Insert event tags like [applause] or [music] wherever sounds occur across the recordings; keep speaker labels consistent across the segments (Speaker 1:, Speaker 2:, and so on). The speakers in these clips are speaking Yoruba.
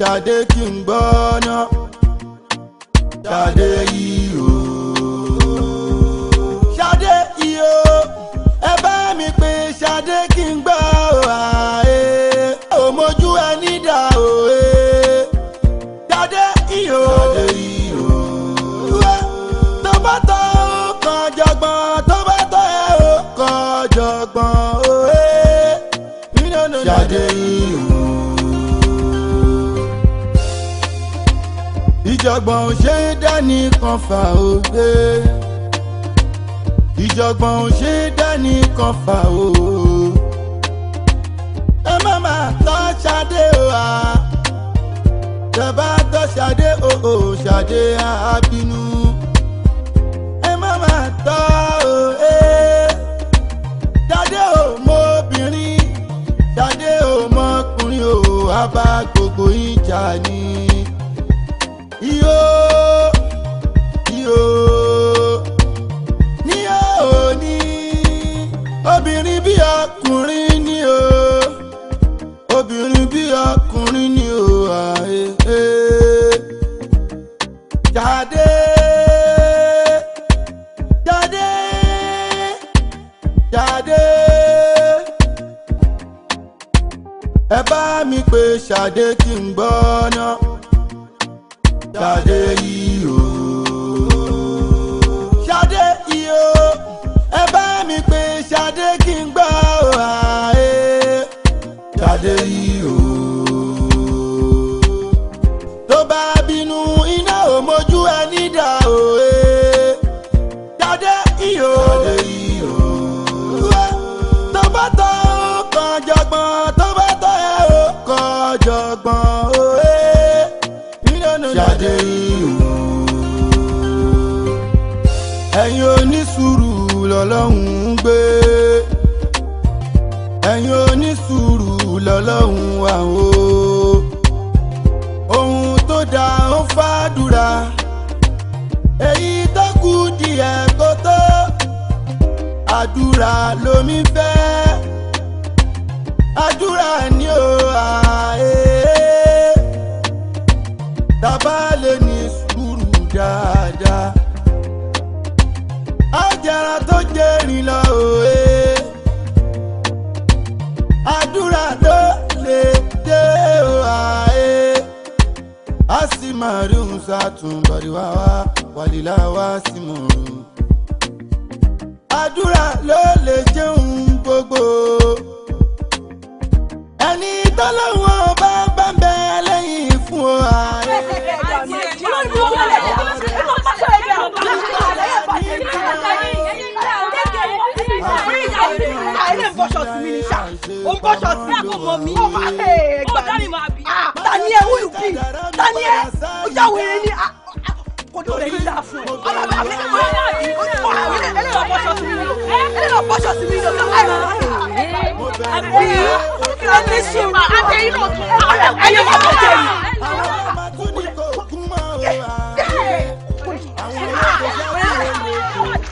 Speaker 1: ṣàdé kí n gbọ́ ná ṣàdé yìí o. ṣàdé yìí o ẹ bá mi pè ṣàdé kí n gbọ́ ààyè ò mójú ẹni dà òye ṣàdé yìí o. ṣàdé yìí o. tó bá tọ́ ó kàn jọgbọ́n tó bá tọ́ ẹ ó kàn jọgbọ́n òye. ṣàdé. ìjọ̀gbọ̀n ò ṣe é dání kan fà ó gbé ìjọ̀gbọ̀n ò ṣe é dání kan fà ó. ẹ má má tọ́ ṣadé o a tẹ̀bá tọ́ ṣadé o ò ṣadé a ẹ má má tọ́ o ẹ e. ṣadé o mọ obìnrin ṣadé o mọkùnrin o a gbogbo ìjà ni iyo iyo ní òní obìnrin bí ọkùnrin ni o obìnrin bí ọkùnrin ni o àyè jáde jáde jáde ẹ bá mi pè ṣàdé kí n gbọ́ náà tàdé yìí. ẹ̀yin onísùúrù lọ́lọ́hún ń gbé ẹ̀yin onísùúrù lọ́lọ́hún wà o ohun tó dáa ó fàdúrà èyí tó kù díẹ̀ tó àdúrà lomi fẹ́ àdúrà ni. maroon sátún bọ̀dìwá wá wàlílà wá sí mòrùn. àdúrà ló lè jẹun gbogbo ẹni tọ́lọ́wọ́. ilé
Speaker 2: ń bọ́ṣọ sí mi ní sá ó ń bọ́ṣọ sí mi kò mọ mi. ó máa ṣe é gbà mí ta ni ẹ wúlù bí ta ni ẹ ó já wèrè ní ah, kojú rẹ yíyá fún ẹ. ọmọ mi àbí ẹgbẹ́ ọ̀la mi ojúmọ̀ àwọn
Speaker 1: ẹlẹ́yìn
Speaker 3: lọ
Speaker 2: bọ́ṣọ sí mi lọ ẹlẹ́yìn
Speaker 3: lọ bọ́ṣọ sí mi lọ
Speaker 2: àbí ẹni ṣe wà á tẹ inú ọ̀tún ẹ̀yẹ mọ̀ tó
Speaker 1: jẹ́ mi.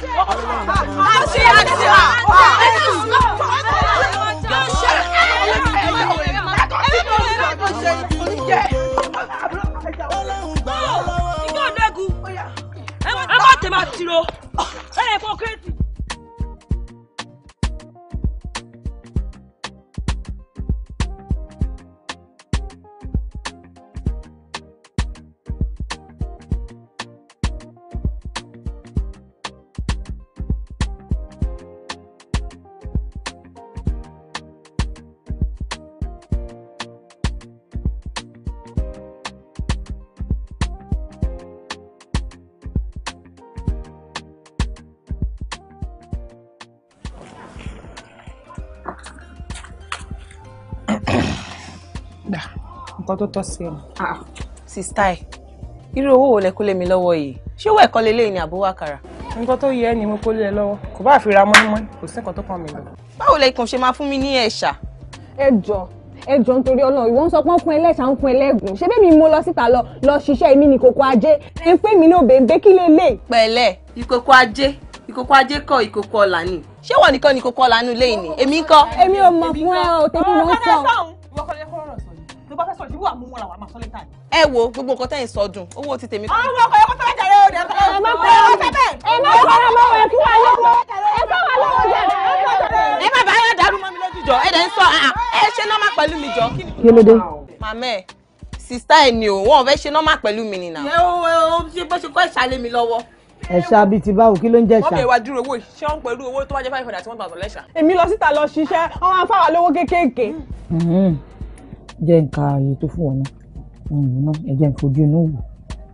Speaker 1: ẹ
Speaker 2: má tẹ̀ máa tiro ẹ yẹ kó kérésì. nǹkan tó tọ́ sí ẹ. Ah, sista ẹ irú owó wo lẹ kó lé mi lọ́wọ́ yìí ṣé owó ẹ̀kọ́ lélẹ́yìn ni àbúwá kara. nǹkan tó yẹ ni mo kó lé ẹ lọ́wọ́ kò bá fi ra mọ́ínmọ́ín kò sí nǹkan tó kàn mí lọ. báwo lẹ kàn ṣe máa fún mi ní ẹ̀ṣà. ẹ jọ ẹ jọ nítorí Ọlọ́run ìwọ ń sọ pé wọn fún ẹlẹṣà ń fún ẹlẹgùn ṣé bẹ́ẹ̀ mi mo lọ síta lọ lọ ṣiṣẹ́ èmi ní kókó ajé ẹ ń pè mí náà bèbè kí lè lè. pẹ̀lẹ́ ìkókó ajé ìkókó ajé kọ ìkókó ọlà ni ṣé wọn nìkan ni ìkókó ọlà nù lẹ́yìn ni èmi ń kọ. èmi ò mọ̀ fún ẹ o tèmi ló ń sọ bá fẹ́ sọ ìdíwọ àmúmọ́ra wa máa sọ lẹ́tà ni. ẹ wo gbogbo nǹkan tẹ́yìn sọdún owó ti tèmi. àwọn ọkọ̀ ẹ̀kọ́ sọ́jà rẹ̀ ò dẹ̀ sọ́jà rẹ̀ ò dẹ̀ sọ́jà rẹ̀ ò dẹ̀ sọ́jà rẹ̀ ò dẹ̀ sista ẹ ni o wọn ò fẹ́ ṣe nọ́mà pẹ̀lú mi nìyà. ẹ o ẹ o ṣe bó ṣe kọ́ ìṣàlẹ̀ mi lọ́wọ́ ẹ̀ṣá bíi ti báwo kí ló ń jẹ́ ṣá. wọ́n bẹ̀rẹ̀ wá dúró owó ìṣẹ́wọ́n pẹ̀lú owó tó wá jẹ́ five hundred àti one thousand lẹ́ṣà. èmi lọ síta lọ ṣiṣẹ́ wọ́n máa ń fáwọn lówó kéékèèké. Mm-hmm jẹ́ nǹka ààyè tó fún wọn náà náà ẹ̀jẹ̀ ń fojú inú wò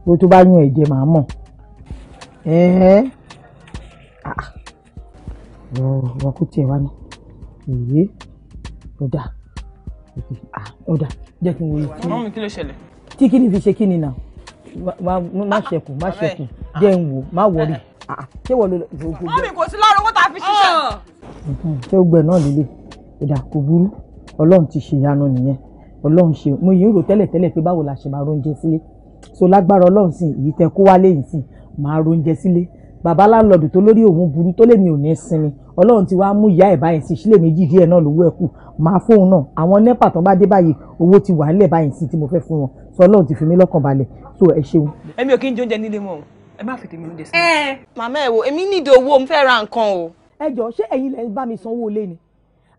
Speaker 2: bó tó bá yún ẹ̀jẹ̀ màá mọ̀ ẹ̀ẹ́ ah, ah. ọ̀rọ̀ kò tiẹ̀ wá ní èyí ọ̀dà ọ̀dà ah, jẹ́ kí n wo ìtú. mọ́mí kí ló ṣẹlẹ̀. tí kí ni fi ṣe kí ni náà má ṣẹ̀kù má ṣẹ̀kù jẹ́ ń wò má wọ̀rì ṣé wọ́n ló lọ. mọ́mí kò sí lọ́rùn owó tá a fi ṣiṣẹ́. Mm-hmm. ṣé o gbẹ náà líle ọ̀dà kò burú ọlọ́run ti ṣèyanu nìyẹn ọlọ́run ṣe mo yìí ń rò tẹ́lẹ̀tẹ́lẹ̀ pé báwo la ṣe máa róúnjẹ sílé so lágbára ọlọ́run sì èyí tẹ kó wálé yìí sì máa róúnjẹ sílé bàbá láńlọ́ọ̀dù tó lórí òun burú tó lè mi ò ní sinmi ọlọ́run ti wá mú ìyá ẹ̀ báyìí sí sílé méjì díẹ̀ náà lówó ẹ̀ kù máa fóun náà àwọn nẹ́pà tó bá dé báyìí owó ti wà nílẹ̀ báyìí sí tí mo fẹ́ fún wọn so ọlọ́run ti fi mí lọ́kàn balẹ̀ so ẹ ṣeun. èmi ò kí ń jóúnjẹ nílé mọ́ o ẹ má fi tèmi oúnjẹ sí. ẹ eh, màmá ẹ wo èmi nídìí owó mo fẹ́ ra nǹkan o. ẹ jọ ṣé ẹ̀yin lẹ ń bá mi sanwó ilé ni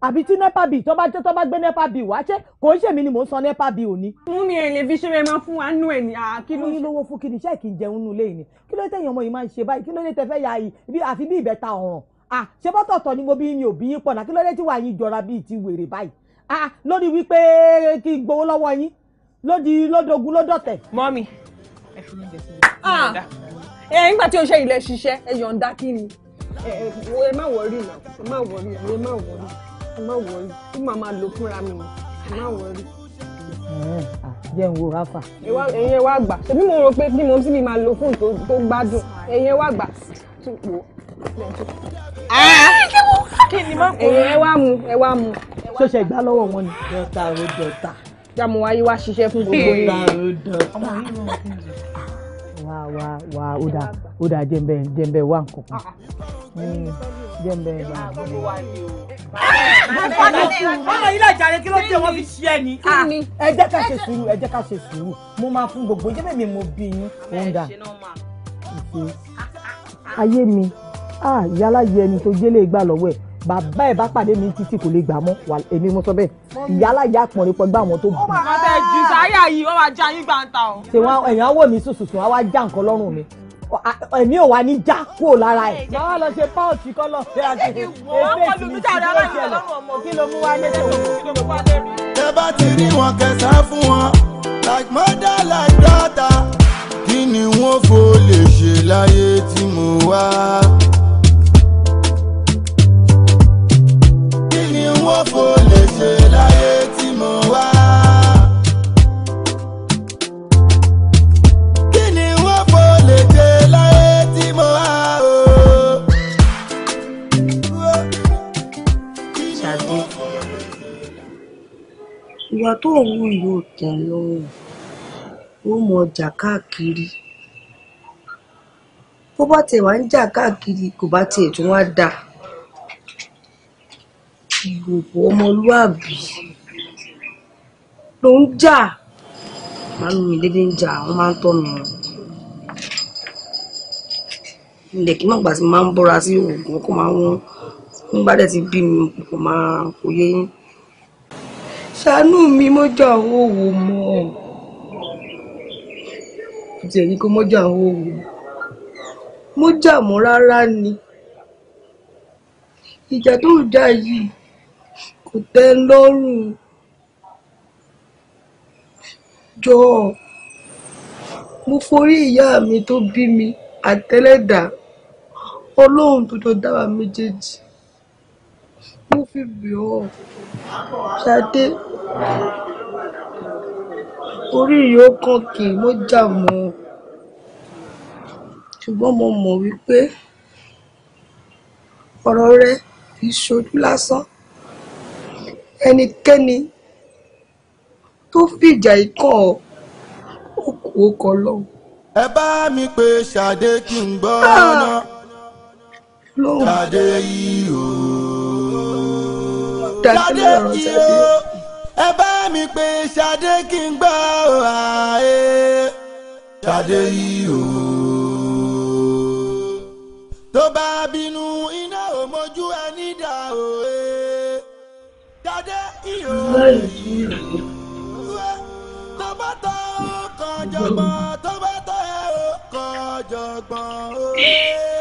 Speaker 2: àbí tí nepa bi, tó bá tó bá gbé nepa bill wá ṣé kò ń ṣèmi ni mò ń san nepa bill òní. mú ni ẹ̀ lè fi ṣe ẹ̀mọ fún wa nú ẹ̀ ní àkínú. fún yín lówó fún kí ni iṣẹ́ kì í jẹun nú ilé yìí ni kí ló tẹ̀yìn ọmọ yìí máa ń ṣe báyìí kí ló dé tẹ fẹ́ ya yìí àfi bí ìbẹ́ta ọ̀ràn à ṣé bọ́tọ̀ọ̀tọ̀ ni mo bí yín òbí yín pọ̀nà kí ló dé tí wàá yín jọra bíi ti wèrè báyìí à lórí wípé kí n gbowó lọ́wọ́ yín lódi lódogun lódọ̀tẹ̀. mọ́mi ẹ fi oúnjẹ síbi. ẹ ẹ má wọrí náà
Speaker 4: ẹ má wọrí ẹ má wọrí ẹ má wọrí tí màá máa lò fúnra mi ẹ má wọrí.
Speaker 2: jẹ́ ń wo ráfà. ẹ̀yin wá gbà ṣebí mo rò pé bí mo sì máa lo fóònù tó gbádùn ẹ̀yin wá gbà tó pò kí ni má kó ẹ wá mu ẹ wá mu. ṣọṣẹ ìgbà lọ́wọ́ wọn ni. dọta o dọta. jámo wáyé wá ṣiṣẹ́ fún gbogbo yìí. dọta o dọta wá wá wá ó dà ó dà jẹ́nbẹ́ jẹ́nbẹ́ wá nǹkan kan mm, jẹ́nbẹ́ wá ọmọ yìí làjàre kí ló dé wọn fi ṣe ẹ ní. Ah. ẹ jẹ́ ká ṣe sùúrù ẹ jẹ́ ká ṣe sùúrù mo máa fún gbogbo jẹ́ bẹ́ẹ̀ mi mo bí yín òun dà ayé mi ah, yálà yẹ ẹni tó jẹ́lé gbà lọ́wọ́ ẹ̀ bàbá ẹ̀ bá pàdé mi títí kò lè gbà mọ́ wà èmi mo sọ bẹ́ẹ̀ ìyálà ìyá àpọ̀nrín pọ̀ gbà wọ́n tó bù. ó máa bẹ jù sáyà yìí ó máa já yín gbàǹtà o. ṣé wọn èèyàn wò mí sùsùsùn á wá já nǹkan lọ́rùn mi èmi ò wá ní já kúrò lára ẹ̀. báwa lọ ṣe páòtì kọ́ lọ sí àti ẹgbẹ́
Speaker 1: ìsinmi tí ó ṣẹlẹ̀ kí ló mú wá lẹ́sọ̀rọ̀. tẹ bá ti rí wọn kẹsà fún wọn like mother like daughter kí ni wọn fò lè ṣe láyé tí mọ́fò lè ṣe láyé tí mo wá. kí ni mọ́fò lè
Speaker 4: ìwà tó wù yóò tẹ̀ lọ́rùn ó mọ ọjà káàkiri bó bá tiẹ̀ wá ń jà káàkiri kò bá tiẹ̀ tún wá dáa ìhòòhò ọmọlúàbí
Speaker 2: ló ń jà màánù mi dédé ń jà wọn máa ń tọ́ mi rìn ilẹ̀ kí náà gbà tí máa ń bọ́ra sí oògùn kó máa wọ́n ń bá dẹ̀ ti bí mi kò máa kò yé yín ṣàánú mi
Speaker 4: mọ́jà òwò mọ́ ti ẹ̀yìn kó mọ́jà òwò mọ́jà mọ́ rárá ni ìjà tó ń jà yìí tẹ́ lọ́rùn jọ̀ọ́ mo forí ìyá mi tó bí mi àtẹlẹ́dà ọlọ́run tó jọ dá wa méjèèjì mo fi bì ọ́ ṣadé orí yóò kàn kì í mo jà mọ́ ọ ṣùgbọ́n mo mọ̀ wípé ọ̀rọ̀ rẹ kì í ṣojú lásán ẹnikẹ́ni
Speaker 1: tó fìjà ikán òkú ọkọ̀ lọ. ẹ bá mi pé ṣàdé kí n gbọ́ ah! ọ́nà ṣàdé yìí o. ṣàdé yìí o ẹ bá mi pé ṣàdé kí n gbọ́ ààyè ṣàdé yìí o. tó bá bínú iná ò mójú ẹni dà o.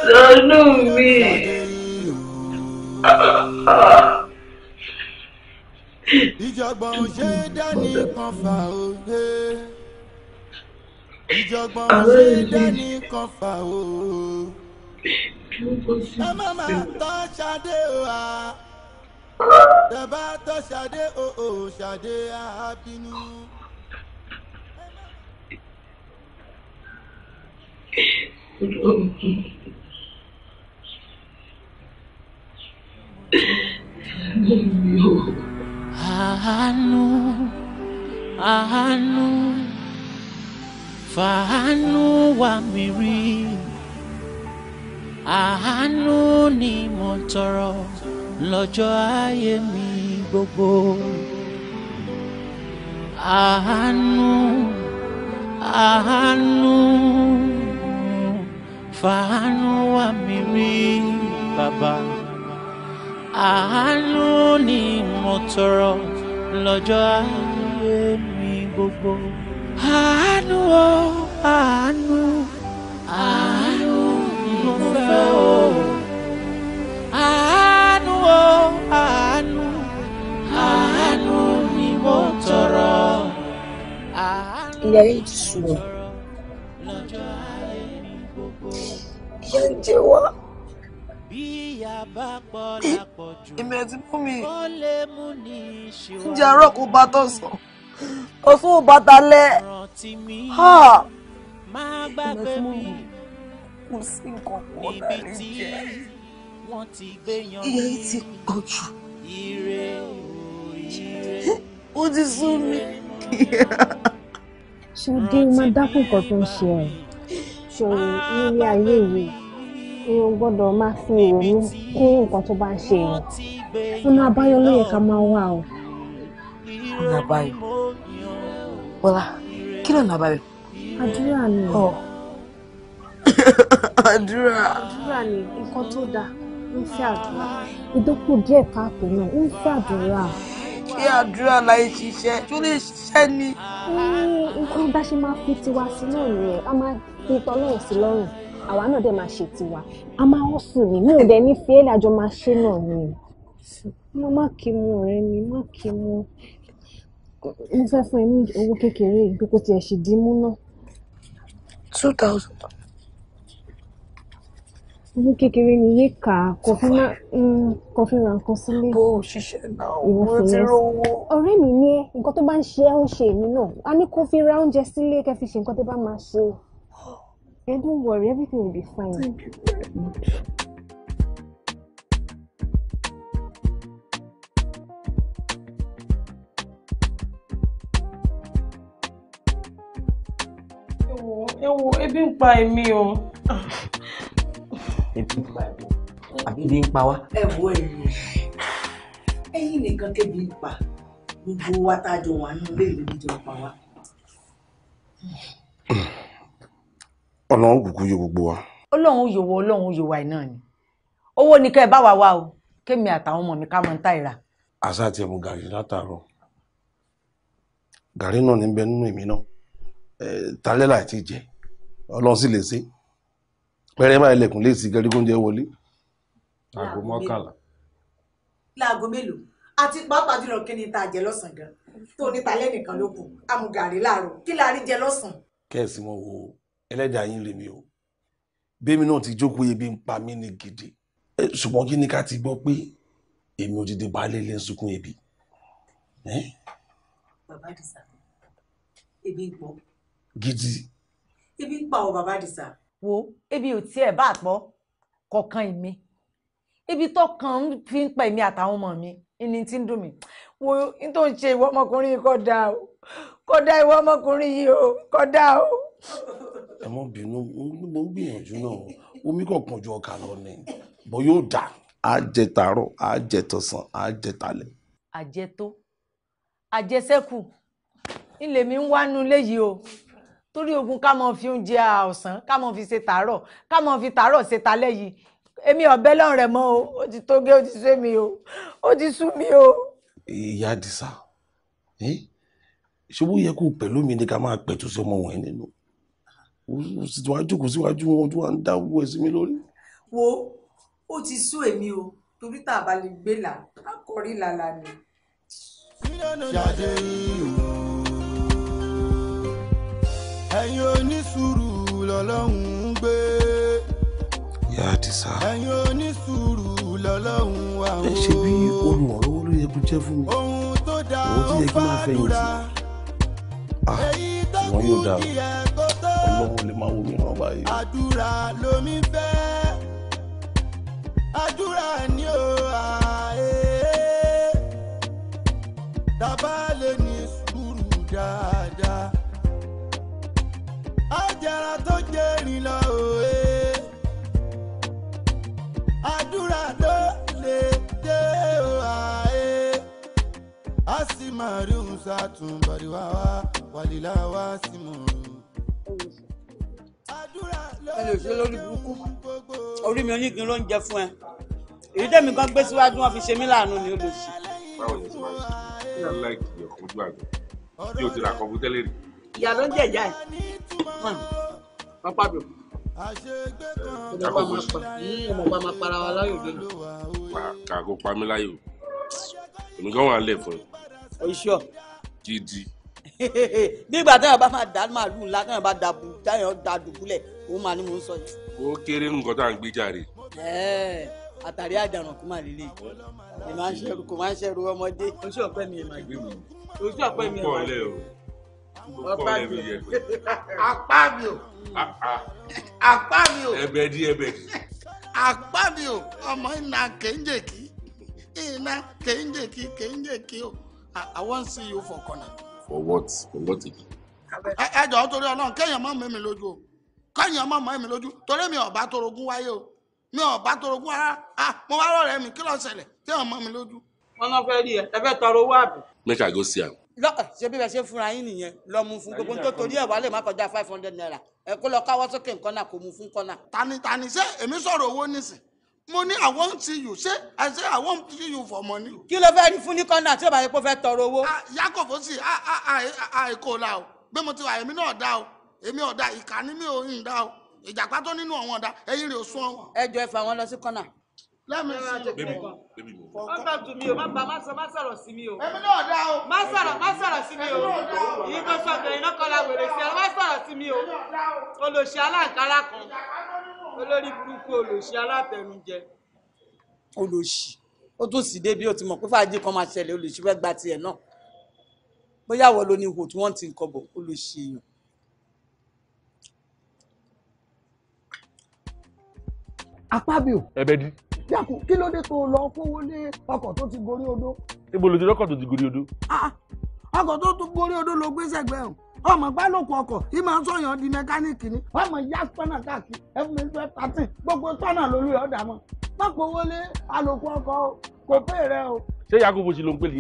Speaker 4: Ṣàánú mi.
Speaker 1: Ìjọ̀gbọ̀n ṣe dání kan fà òde. Ìjọ̀gbọ̀n ṣe dání kan fà òde. Ẹ má máa tán ṣadé wa. Tẹ̀bá tó ṣàdé òhò ṣàdé àbínú.
Speaker 3: Àánú, àánú, fàánú wà mí rí, àánú ni mo tọrọ lọ́jọ́ ayé mi gbogbo àánú àánú fàánú wà mí rí bàbá àánú ni mo tọrọ lọ́jọ́ ayé mi gbogbo àánú o àánú àánú ni mo fẹ́ o. ilé ayé ti sú mi.
Speaker 2: ìyá ń jẹ wá.
Speaker 3: ìmọ̀ ẹ̀tí fún mi ǹjẹ́ àárọ̀ kò bá tọ̀
Speaker 2: sàn ọ̀sùn ò bá dalẹ̀ ìmọ̀ ẹ̀tí mú mi kò sí nǹkan
Speaker 3: kó lárí jẹ ìyá yìí ti pọ̀ jù ó ti sú mi. [laughs]
Speaker 4: ṣáde máa dákun nǹkan tó ń ṣe ẹ ṣòro nílé ayé yìí èèyàn gbọ́dọ̀ máa fi ìrònú kún nǹkan tó bá ń ṣe èèyàn ọ̀nà àbáyọ ló yẹ ká máa wà o. ọ̀nà àbáyọ bọ́lá kí ló ọ̀nà àbáyọ. àdúrà ni ọ. [laughs] àdúrà. àdúrà ni nǹkan tó dáa ń fẹ́ àdúrà
Speaker 2: ìdókòó díẹ̀ káàtó
Speaker 4: náà ń fẹ́ àdúrà
Speaker 2: kí àdúrà láì ṣiṣẹ́ tó lè ṣiṣẹ́ ni. nǹkan bá ṣe máa fi tiwa sí náà nìyẹn a máa fi tọ́lọ́run sí lọ́rùn àwa náà dẹ̀ máa ṣe tiwa a máa hàn sùn ní mi ò dẹ̀ ní fi é máa ṣe náà
Speaker 4: ni. mo má kí mu ọ̀rẹ́ mi má kí mu mo fẹ́ fún ẹ ní owó kékeré yìí pé ṣì dín mú náà. two thousand owó kékeré ni yé kà á kò fi
Speaker 2: mi ní ẹ nǹkan tó bá ń ṣe ẹ́ ṣe èmi náà a ní kó ra oúnjẹ sílé kẹ́ ṣe nǹkan tó bá máa ṣe. [gasps] ẹ
Speaker 4: don't worry everything will be fine. thank you very much. ewu ebi ń pa èmi
Speaker 2: o ebi ń pa ẹ̀bùn àbí ebi ń pa wá. ẹ wo ẹ̀yin ẹ̀yin nìkan kébi ń pa gbogbo wa tá a jọ wà nínú ilé ìlú ìjọ pa wá.
Speaker 5: ọlọ́run kúkú yọ gbogbo wa.
Speaker 2: ọlọ́run yòwò ọlọ́run yòwò àìná ni owó ni kẹ́ ẹ bá wa wá o kémi àtàwọn ọmọ mi ká mọ níta ìrà.
Speaker 5: àṣà tiẹ̀ mu gàrí látàárọ̀ gàrí náà ní bẹ nínú èmi náà talẹ́ láì ti jẹ ọlọ́run sì lè ṣe é pẹ̀rẹ́ máa ilẹ̀kùn léèsì gẹrígóúnjẹ wọlé. aago mọ́kànlá.
Speaker 2: láago mélòó àti pàápàá jùlọ kí ni ta jẹ lọ́sàn-án gan tó níta lẹ́nìkan ló kù amúgàrí láàárọ̀ kí la rí jẹ lọ́sàn-án.
Speaker 5: mo wo ẹlẹ́dàá yín rèmi o bẹ́mi náà ti jókòó ebi ń pa mí ní gidi ṣùgbọ́n kí ni ká ti gbọ́ pé èmi ò dìde baálé ilé ń sunkún ebi.
Speaker 2: bàbá àdìsá ebi ń pọ̀. gidi. ebi ń pa ọ bàbá àdìsá wo ebi ò tiẹ̀ bá àpọ̀ kọ̀ọ̀kan ìmí ibi tó kàn ń fi ń pa èmi àtàwọn ọmọ mi ìní tí ń dùn mí wo n tó ń ṣe ìwọ ọmọkùnrin yìí kódà o kódà ìwọ ọmọkùnrin yìí o kódà o.
Speaker 5: ẹ mọ bínú mo ń gbìyànjú náà omi kò ju ọkà lọ ni bọ́ yóò dà. a jẹ tàárọ̀ a jẹ tọ̀sán a jẹ talẹ́.
Speaker 2: àjẹtó àjẹsẹ́kù ilé mi ń wá nulẹ̀ yìí o torí ogun ká mọ fi oúnjẹ ọ̀sán ká mọ fi ṣe tàárọ̀ ká mọ fi tàárọ̀ ṣe talẹ́ yìí èmi ọ̀bẹ lọ́rùn rẹ̀ mọ́ o ó ti tó gé ó ti sú mi o ó ti sú mi o.
Speaker 5: ìyá àdìsá ṣé wọ́n yẹ kó pẹ̀lú mi ni ká máa pẹ̀tù sí ọmọ wọ̀nyí nínú síwájú kò síwájú wọn ojú wa ń dáwó ẹ̀ sí mi lórí.
Speaker 2: wo ó ti sú èmi o torí tá a bá lè gbé là á kọrí làlà ni. ṣáde
Speaker 1: o ẹ̀yin onísùúrù lọ́lọ́run ń gbé. ìyá àdìsá. ẹ̀yin onísùúrù lọ́lọ́run wà ó. ẹ ṣe bí olùrànlọ́wọ́ ló yẹ kó jẹ́ fún mi. ohun tó da ó fàdúrà. Ah, èyí tó kù kí ẹ kó tó. àdúrà lomi fẹ́ àdúrà ni ó à ee. Eh, eh, eh. tàbá lè ní sùúrù dáadáa ajara tó jẹrin lọ òye àdúrà ló lè dé òhàyè a sì máa rí òun ṣàtúnbọ̀dì wá wa wàlílà wá sí mọ̀ ọ́n. ẹni ò ṣe lórí burúkú orí mi onígun ló ń jẹ fún ẹ èyí tẹ̀mí kan gbé síwájú wọn fi ṣe mí láàánú ni ó lè ṣe.
Speaker 6: báwo ni ṣe ṣe ṣe ṣe ṣe ṣe ṣe ṣe ṣe ṣe ṣe ṣe ṣe ṣe ṣe ṣe ṣe ṣe
Speaker 7: ìyá ló ń jẹ̀yà ẹ̀ hmm. pápá bò ọmọ bá máa pa hmm, ọmọ bá máa para wa láyò dé. kà kó
Speaker 6: pa mí láyò èmi kan wà lẹ̀ fún ẹ.
Speaker 2: oṣù. gidi. nígbà [laughs] táyọ̀ bá máa dá màálù ńlá táyọ̀ bá dàbù táyọ̀ dá dùbúlẹ̀ òun máa ní mò ń sọ yìí.
Speaker 6: ó kéré nǹkan tá à ń gbé jáde.
Speaker 2: ẹẹ àtàrí àjàràn kó má lélẹ̀ kò máa ń ṣẹrú ọmọdé. oṣù ọpẹ́ mi ẹ máa gbé mi. oṣù ọpẹ́ mi ẹ máa gbé
Speaker 7: mi
Speaker 1: ọba mi apá mi o ah, ah. apá mi o
Speaker 6: ẹbẹdí ẹbẹdí
Speaker 1: apá mi o ọmọ iná kéńjèkí iná kéńjèkí kéńjèkí o I wan see you for corner.
Speaker 6: for what for what again.
Speaker 1: ẹ jọ̀ọ́ torí ọlọ́run kéèyàn má mẹ́mi lójú o kéèyàn má mẹ́mi lójú torí mi ọ̀bá torogún wáyé o mi ọ̀bá torogún rárá ah mo wá rọ̀rẹ́ mi kí ló ṣẹlẹ̀ kéèyàn má mi lójú. wọn náà fẹ́ rí ẹ ẹ fẹ́ tọrọ owó àbí.
Speaker 6: make I go see am
Speaker 1: lọ ṣe bí bẹ ṣe fúnra yín nìyẹn lọ mú fún gbogbo tó torí ẹ wà lè má kọjá five hundred naira ẹ kó lọ káwọ́ sókè nǹkan náà kò mú fún kọ́nà. tani tani ṣé èmi sọ̀rọ̀ owó nísìn mo ní i want see you ṣé i say i want see you for money. kí ló fẹ́ẹ́ rí fún ní kọ́nà tí ó bá yẹ kó fẹ́ tọrọ owó. Ah, yakobo sì àìkò la o gbé mo ti wà èmi náà dá o èmi ọ̀dà ìkànnì mi ò ń dá o ìjàpá tó nínú ọ̀wọ́n ọ̀dà ẹ̀yìn rè é sún ọ̀wọ́n. ẹ jọ ẹ fà wọn lọ sí kọ́nà lẹ́mi sí
Speaker 2: o. ọgbà tù mí o má bà má sọ má sọ̀rọ̀ sí mi o. Oh. èmi náà dá o. má sọ̀rọ̀ má sọ̀rọ̀ sí mi oh. o. yìí tó sọ bẹ̀rẹ̀ iná kọ́lá wèrè sí ọ má sọ̀rọ̀ sí mi oh. o. olòṣì aláǹkárá kan
Speaker 7: olórí burúkú olòṣì alátẹnujẹ.
Speaker 2: olòṣì ó tún sì débi ó ti mọ̀ pé fàájì kan máa ṣẹlẹ̀ olòṣì fẹ́ gba tiẹ̀ náà bóyá wọ́n ló ní
Speaker 7: ihò tí wọ́n ti ń kọbọ̀ olòṣì èèyàn.
Speaker 4: apábíò. ẹbẹ dín.
Speaker 1: yàkù kí ló dé tó lọ kówó lé ọkọ̀ tó ti gorí odó.
Speaker 6: ibo ló ti rọ́kọ̀ tó ti gorí odó.
Speaker 1: Ah, ah. ọkọ̀ tó ti gorí odó ló gbé o ọmọ gbálòkù yìí máa ń di mẹkáníìkì ni ọmọ yá ya káàkiri
Speaker 2: ẹfún mi pati gbogbo spana lórí ọ̀dà mọ́ má kówó lé àlòkù kò
Speaker 1: pé rẹ o.
Speaker 6: ṣé yakubu ti ló ń pè ní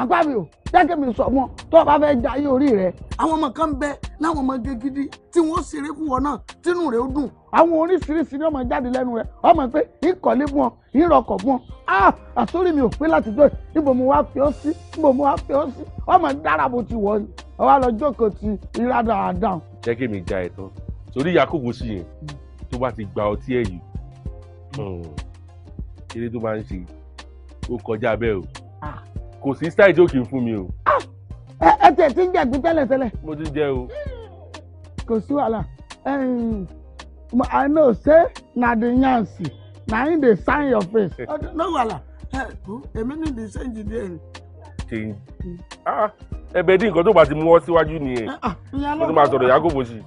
Speaker 1: àgbàbíò jẹ́kẹ́ mi sọ mọ́ tó o bá fẹ́ ja ayé orí rẹ àwọn ọmọ kan bẹ láwọn ọmọ gegidi tí wọ́n ṣeré fún wọn náà tínú rẹ ó dùn àwọn oríṣiríṣi ni ọmọ jáde lẹ́nu rẹ ọmọ pé ìkọ̀lé fún ọ ìrọ̀kọ̀ fún ọ ah! àsórí mi ò pé láti jọ ibo mo wá fi ọ sí ibo mo wá fi ọ sí ọmọ dára bó ti wọ ni ọwọ́ lọ jókòó ti ìradà àdáhùn.
Speaker 6: jẹ́kẹ́ mi ja ẹ̀tàn torí yakubu sí yẹn tó bá ti gba ọtí ẹ̀ yìí eré hmm, tó máa ń ṣe ó kọjá bẹ́ẹ̀ o. Ah! kò sí style jókì fún mi o.
Speaker 1: ẹ tẹ̀ tí ń jẹ ìgbín tẹ́lẹ̀ tẹ́lẹ̀. mo ti jẹ o. kò sí wàhálà i know say na the yansi na him dey sign your face. [laughs] no wàhálà èmi ní the same jìdí ẹ̀. Ah,
Speaker 6: ẹ̀bẹ̀ dín nǹkan tó bá ti mú ọ síwájú nìyẹn ah, ah, mo ti máa sọ̀rọ̀ yàgò bó ṣì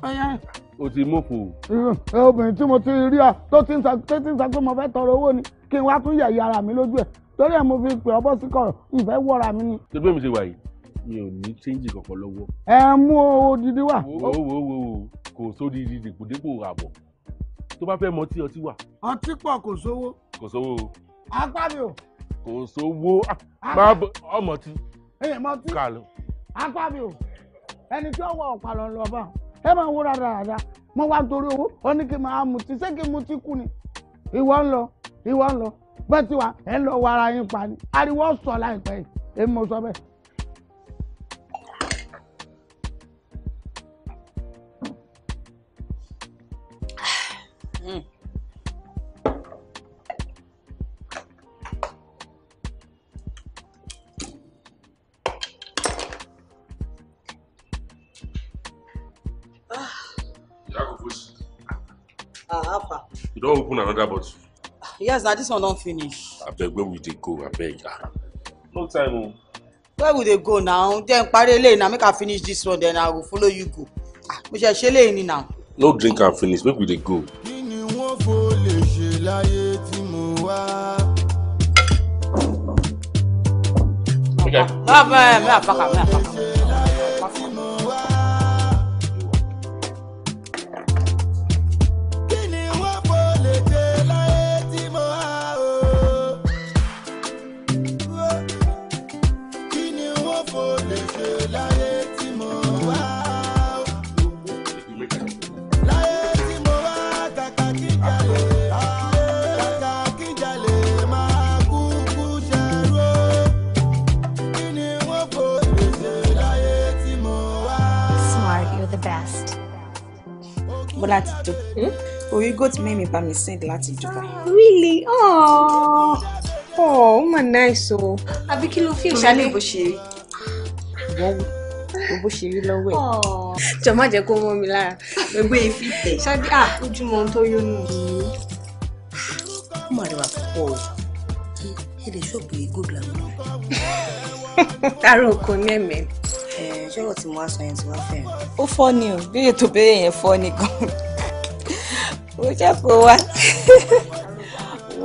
Speaker 6: o ti mọ̀fò.
Speaker 1: obìnrin tí mo ti rí a tó ti ń sọ pé mo fẹ́ tọrọ owó ni kí n wá tún yẹ̀yẹ́ ara mi lójú ẹ̀ torí ẹ̀ mo fi pè ọ́ bọ́ sí kọ̀rọ̀ ìfẹ́ wọ́ra mi ni.
Speaker 6: ṣé bí mi ṣe wà yìí mi ò ní ṣéǹjì kankan lọ́wọ́.
Speaker 1: ẹ mú odidi wá. wo
Speaker 6: wo wo kò sóri
Speaker 8: dìpòdépò àbọ̀
Speaker 6: tó bá fẹ́ mọ tí ọtí wà. ọtí pọ̀ kò sówó. kò sówó. apá mi ò. kò sówó ah, ọmọ tí. ẹyẹ mọ tí. kà lọ.
Speaker 1: apá mi ò ẹni tí ó wọ ọ̀pàlọ́ lọ bá ẹ máa wúra dáadáa mo wá torí owó ó ní kí n máa mutí ṣé kí n mutí kú ni ìwọ ń lọ ìwọ ń lọ bẹ́ẹ̀ tí wa ẹ̀ ń lọ wọ ara yín pa ni ariwo sọ láìpẹ́ yìí èmi mo sọ bẹ́ẹ̀. Ah.
Speaker 6: Ah, you don't open another bottle.
Speaker 2: Yes, now this one don't finish.
Speaker 6: Abeg where we they go abeg. Ah.
Speaker 2: No time o. Where we they go now? Then parí eléyìí na make I finish this one then I will follow you go. Ah, mo ṣe ṣe eléyìí ni now.
Speaker 6: No drink and finish Where we they go. Okay. ni wọ́n fò lè
Speaker 1: ṣe láyé tí mo wá? Bàbá ẹ̀ mẹ́ àpákà mẹ́ àpákà.
Speaker 2: láti jọ origo ti mẹ́mi bá mi send láti jọba. really oh oh ó mà nice o. àbí kí ló fi ìṣàlẹ̀ bó ṣe rí. wọ́n wù o bó ṣe rí lọ́wọ́ ẹ̀. jọ má jẹ́ kó e mọ́ mi lára. gbogbo ìfi tẹ̀. ṣáde à ojúmọ tó yónú. ó mà rẹwà púpọ̀ o ẹ lè ṣọ́ọ̀bù yìí gòdò àwọn. àrùn kò ní ẹ̀mẹ́ ṣọ́rọ̀ tí mo wá sọ yẹn ti wá fẹ́. ó fọ́ ni o bí ètò bẹ́ẹ̀ yẹn fọ́
Speaker 1: ni gan. ó jẹ́ kó wá. wọ́n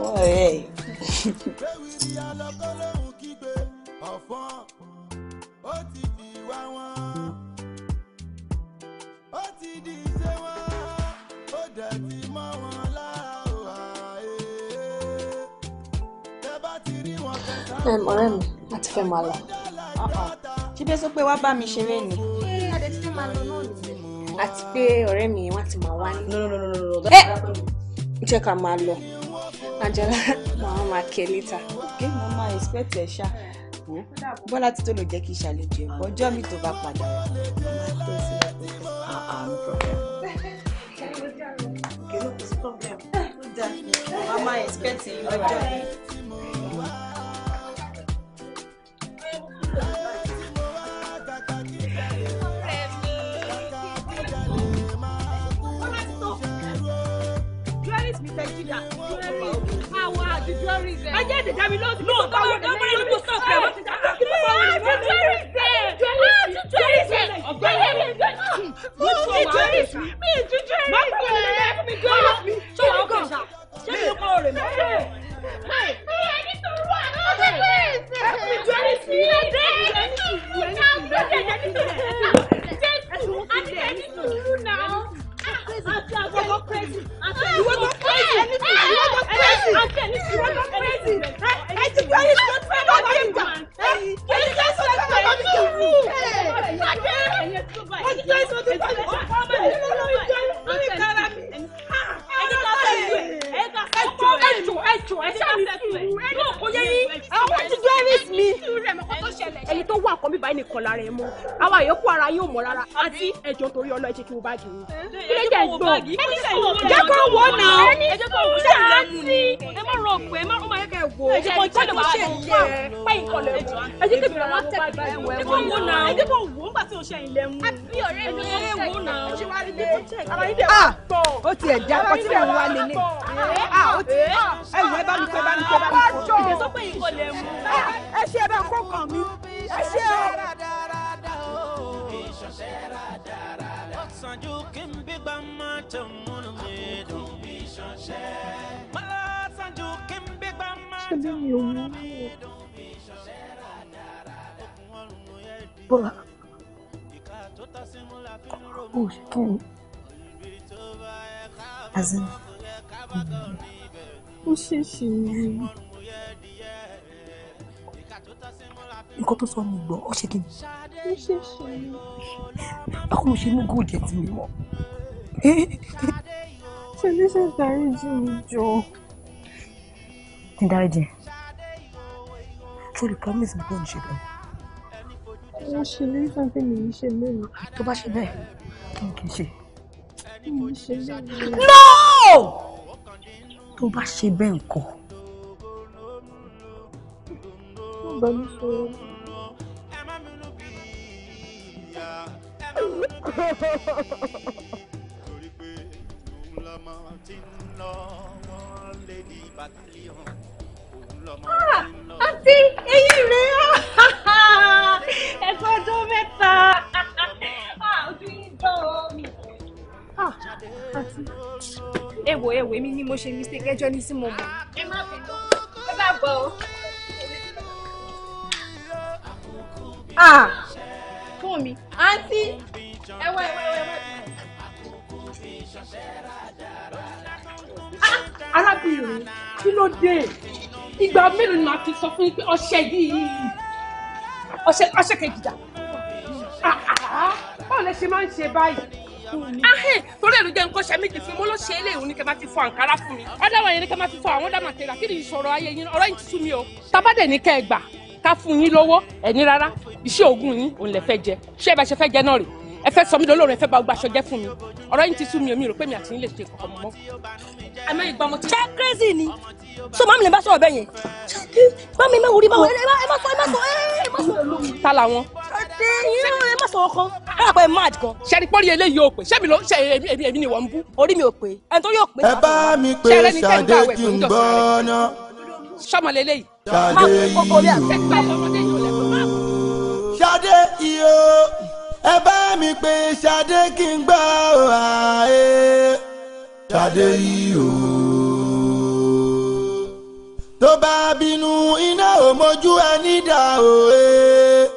Speaker 1: ọ̀rẹ́ ẹ̀. ọ̀rẹ́ mi
Speaker 2: a ti fẹ́ máa lọ. Ah, ah jíde sọ pé wá bá mi ṣeré ni. adé ti fẹ́ máa lọ náà nìyẹn. àti pé ọ̀rẹ́ mi wọ́n ti máa wá ní. no eh! jẹ́ ká máa lọ Angela màá máa kẹ́ lítà. ok mo máa expect ẹ ṣá bọ́lá tí tó lò jẹ́ kí ṣàlejò ẹ̀kọ́ ọjọ́ mi tó bá padà wá ah, ah, máa tó sí i. ah tourism. ẹ jẹ́ ìdèjà mi lọ́sí. no tó bá tó bá yẹ
Speaker 3: kó sọ pé wọ́n ti dá sí. anti tourism anti tourism. mo ti tourism mi
Speaker 2: ì ju tourism. má pè é ẹ fún mi gbé ọ̀rọ̀ mi. ṣé o kò sà ṣé mi ò kọ́ ọ̀rẹ́ mi.
Speaker 1: ẹni tó rú àná ọ̀rẹ́ mi. ẹ fún mi tourism. ẹ jẹ́ ẹni
Speaker 2: tó rú ẹni tó rú ẹni tó rú. ẹni tó rú náà crazy. You go crazy. You go crazy. You go crazy. You go crazy. I think you are not fair about him. I think you are not fair about him. I think you are not fair about him ẹni tó wà kọ́mí báyìí nìkan lára ẹ mọ́ àwa àyọkù ara yóò mọ̀ rárá àti ẹjọ́ torí ọlọ́ ẹ jẹ́ kí n bá jù ú. ilé jẹ́ gbọ́ jẹ́ kó wò ó nà ó ṣe àǹtí ẹ má rọ òpè ẹ má ọmọ ayẹkẹ wò ó ẹ jẹ́ kó jẹ́ kó ṣe ìlẹ̀ pẹ́ ìkọlẹ̀ wò ẹ jẹ́ kó bìrọ̀ wá tẹ̀ bẹ́ẹ̀ wò ẹ wò nà ó ẹ jẹ́ kó wò ó nígbà tí o ṣe ìlẹ̀ mú. àbí ọ̀rẹ́ mi ẹ wò nà ó. ó ti ẹ̀ já ọtí ń wá lélẹ̀ à ah, ó ti eh? ah, ẹ wọ ẹ bá mi kọ ẹ bá mi kọ ẹ bá mi kọ ìdè tó pé yìí kò lè mú. Ah, ẹ ṣe ẹ bá kó kàn mí ẹ ṣe
Speaker 3: ọ. ọ̀sán ju kí n bí gbà máa tẹ̀ múnú mi dùn bí ṣọṣẹ́ ṣẹlẹ̀
Speaker 4: mi ò mú Oh
Speaker 3: ó ṣe kẹ́yìn. Azim.
Speaker 4: Ó ṣèṣe
Speaker 2: tó sọ mi gbọ́, ó ṣe kí Báwo ló ṣe mú góòjẹ tí mi mọ̀?
Speaker 4: Ṣé ní ṣe dáríjì mi jọ? dáríjì. Ṣé promise mi bọ́ọ̀ ń ṣe lọ? Mo ṣe ní sàǹfẹ̀ mi ní ṣe mélòó. Tó bá ṣe bẹ́ẹ̀, kí n kì í ṣe
Speaker 3: no
Speaker 4: tó bá ṣe bẹ́ẹ̀ nǹkan.
Speaker 2: Ah, àti eyín rẹ̀ [laughs] ẹ̀ tọ́jú mẹ́ta. èwo èwo èmi ni mo ṣe mistake ẹjọ́ ní sí mo mọ̀. ẹ má bínú ẹ bá gbọ́ o. Ah! fún mi àǹtí ẹ wá ẹ wá ẹ wá. Ah! arábìnrin kí ló dé ìgbà mélòó ni màá fi sọ fún yín pé ọṣẹ yìí ọṣẹ ọṣẹ kejì dà ah, báwo lẹ ṣe máa ń ṣe báyìí ahẹ́ torí ẹ̀rù jẹ́ nǹkan ṣe méjì fún mi mo ló ṣe é léwu ni kẹ́ máa ti fọ àǹkárá fún mi ọ̀dà wọn yẹn ni kẹ́ máa ti fọ àwọn dàmà tẹ̀ra kí ni ìṣòro ayé yín ọ̀rọ̀ yìí ti sú mi o. tabadẹ ní kẹ́ ẹ gbà ká fún yín lówó ẹni rárá iṣẹ́ òògùn yín òun lè fẹ́ jẹ ṣé ẹ bá ṣe fẹ́ jẹ náà rèé ẹ fẹ́ sọ mí lọ́lọ́run ẹ fẹ́ ba ọgbà aṣọ jẹ́ fún mi ọ̀rọ̀ yìí ti sú mi omi rò pé mi àti yín lè ṣe kọ̀ọ̀kan mọ́. ẹ mẹ́rin gbọ́n mo ti. ṣé crazy ni so mami lè bá sọ̀rọ̀ bẹ́ẹ̀ yẹn mami má wúri má wúri ẹ má ẹ má sọ ẹ má sọ ẹ má sọ lómi. ta la wọn. ṣe yín ẹ má sọ̀rọ̀ kan ẹ rà pé mad gan. sẹ́ni pọ́lì eléyìí ò pé sẹ́mi ló ṣe èmi èmi ni wọ́n ń bú. orí mi ò pé ẹni tó yóò pé. ẹ bá mi pé ṣàdé kí n gbọ́
Speaker 1: ná. sọmọ lélẹ́yìí. ṣàdé iyo ṣàdé iyo ẹ bá mi pè ṣadé kí n gbọ́ ààyè ṣadé yìí o. tó bá bínú iná ò mójú ẹni dà o ẹ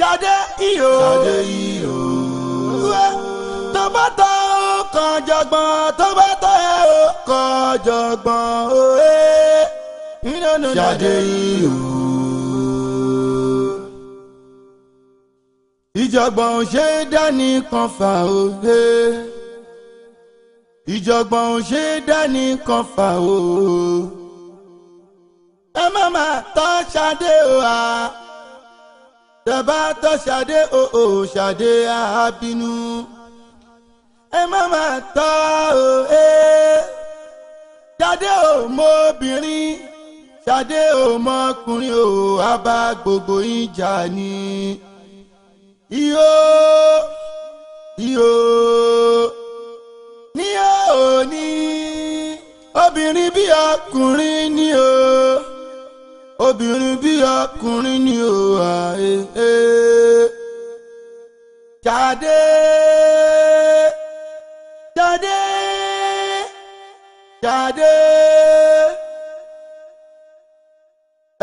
Speaker 1: ṣadé yìí o. ṣadé yìí o. tó bá tọ́ ọ kàn jọgbọ́n tó bá tọ́ ẹ ọ kàn jọgbọ́n o ṣadé yìí o. ìjọ̀gbọ̀n ò ṣe é dání kan fà ó he ìjọ̀gbọ̀n ò ṣe é dání kan fà ó ẹ má má tọ́ ṣadé o a tẹ̀bá tọ́ ṣadé o ò ṣadé a bínú ẹ má má tọ́ o e ṣadé o mọ́ obìnrin ṣadé o mọ́ ọkùnrin o a gbogbo yín ni iyo iyo ní òní obìnrin bí ọkùnrin ni o obìnrin bí ọkùnrin ni o àìsè jáde jáde jáde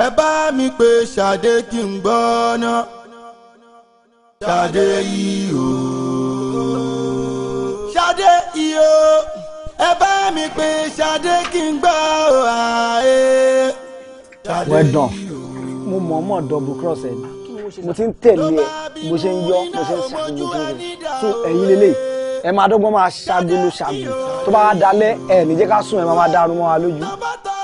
Speaker 1: ẹ bá mi pè ṣàdé kí n gbọ́ náà ṣadé yìí o. ṣadé yìí ẹ bá mi pè ṣadé kí n gbọ́ ààyè. well done
Speaker 9: mo mọ̀ mọ̀ double cross ẹ̀ mo ti ń tẹ̀lé ẹ̀ mo ṣe ń yọ mo ṣe ń ṣàkóso rẹ̀ so ẹ̀yin lélẹ̀ ẹ máa dọ́gbọ́n máa ṣàgbélò ṣàgbé tó bá dalẹ̀ ẹ̀ níjẹ́ ká sùn ẹ̀ máa máa mọ́ wa lójú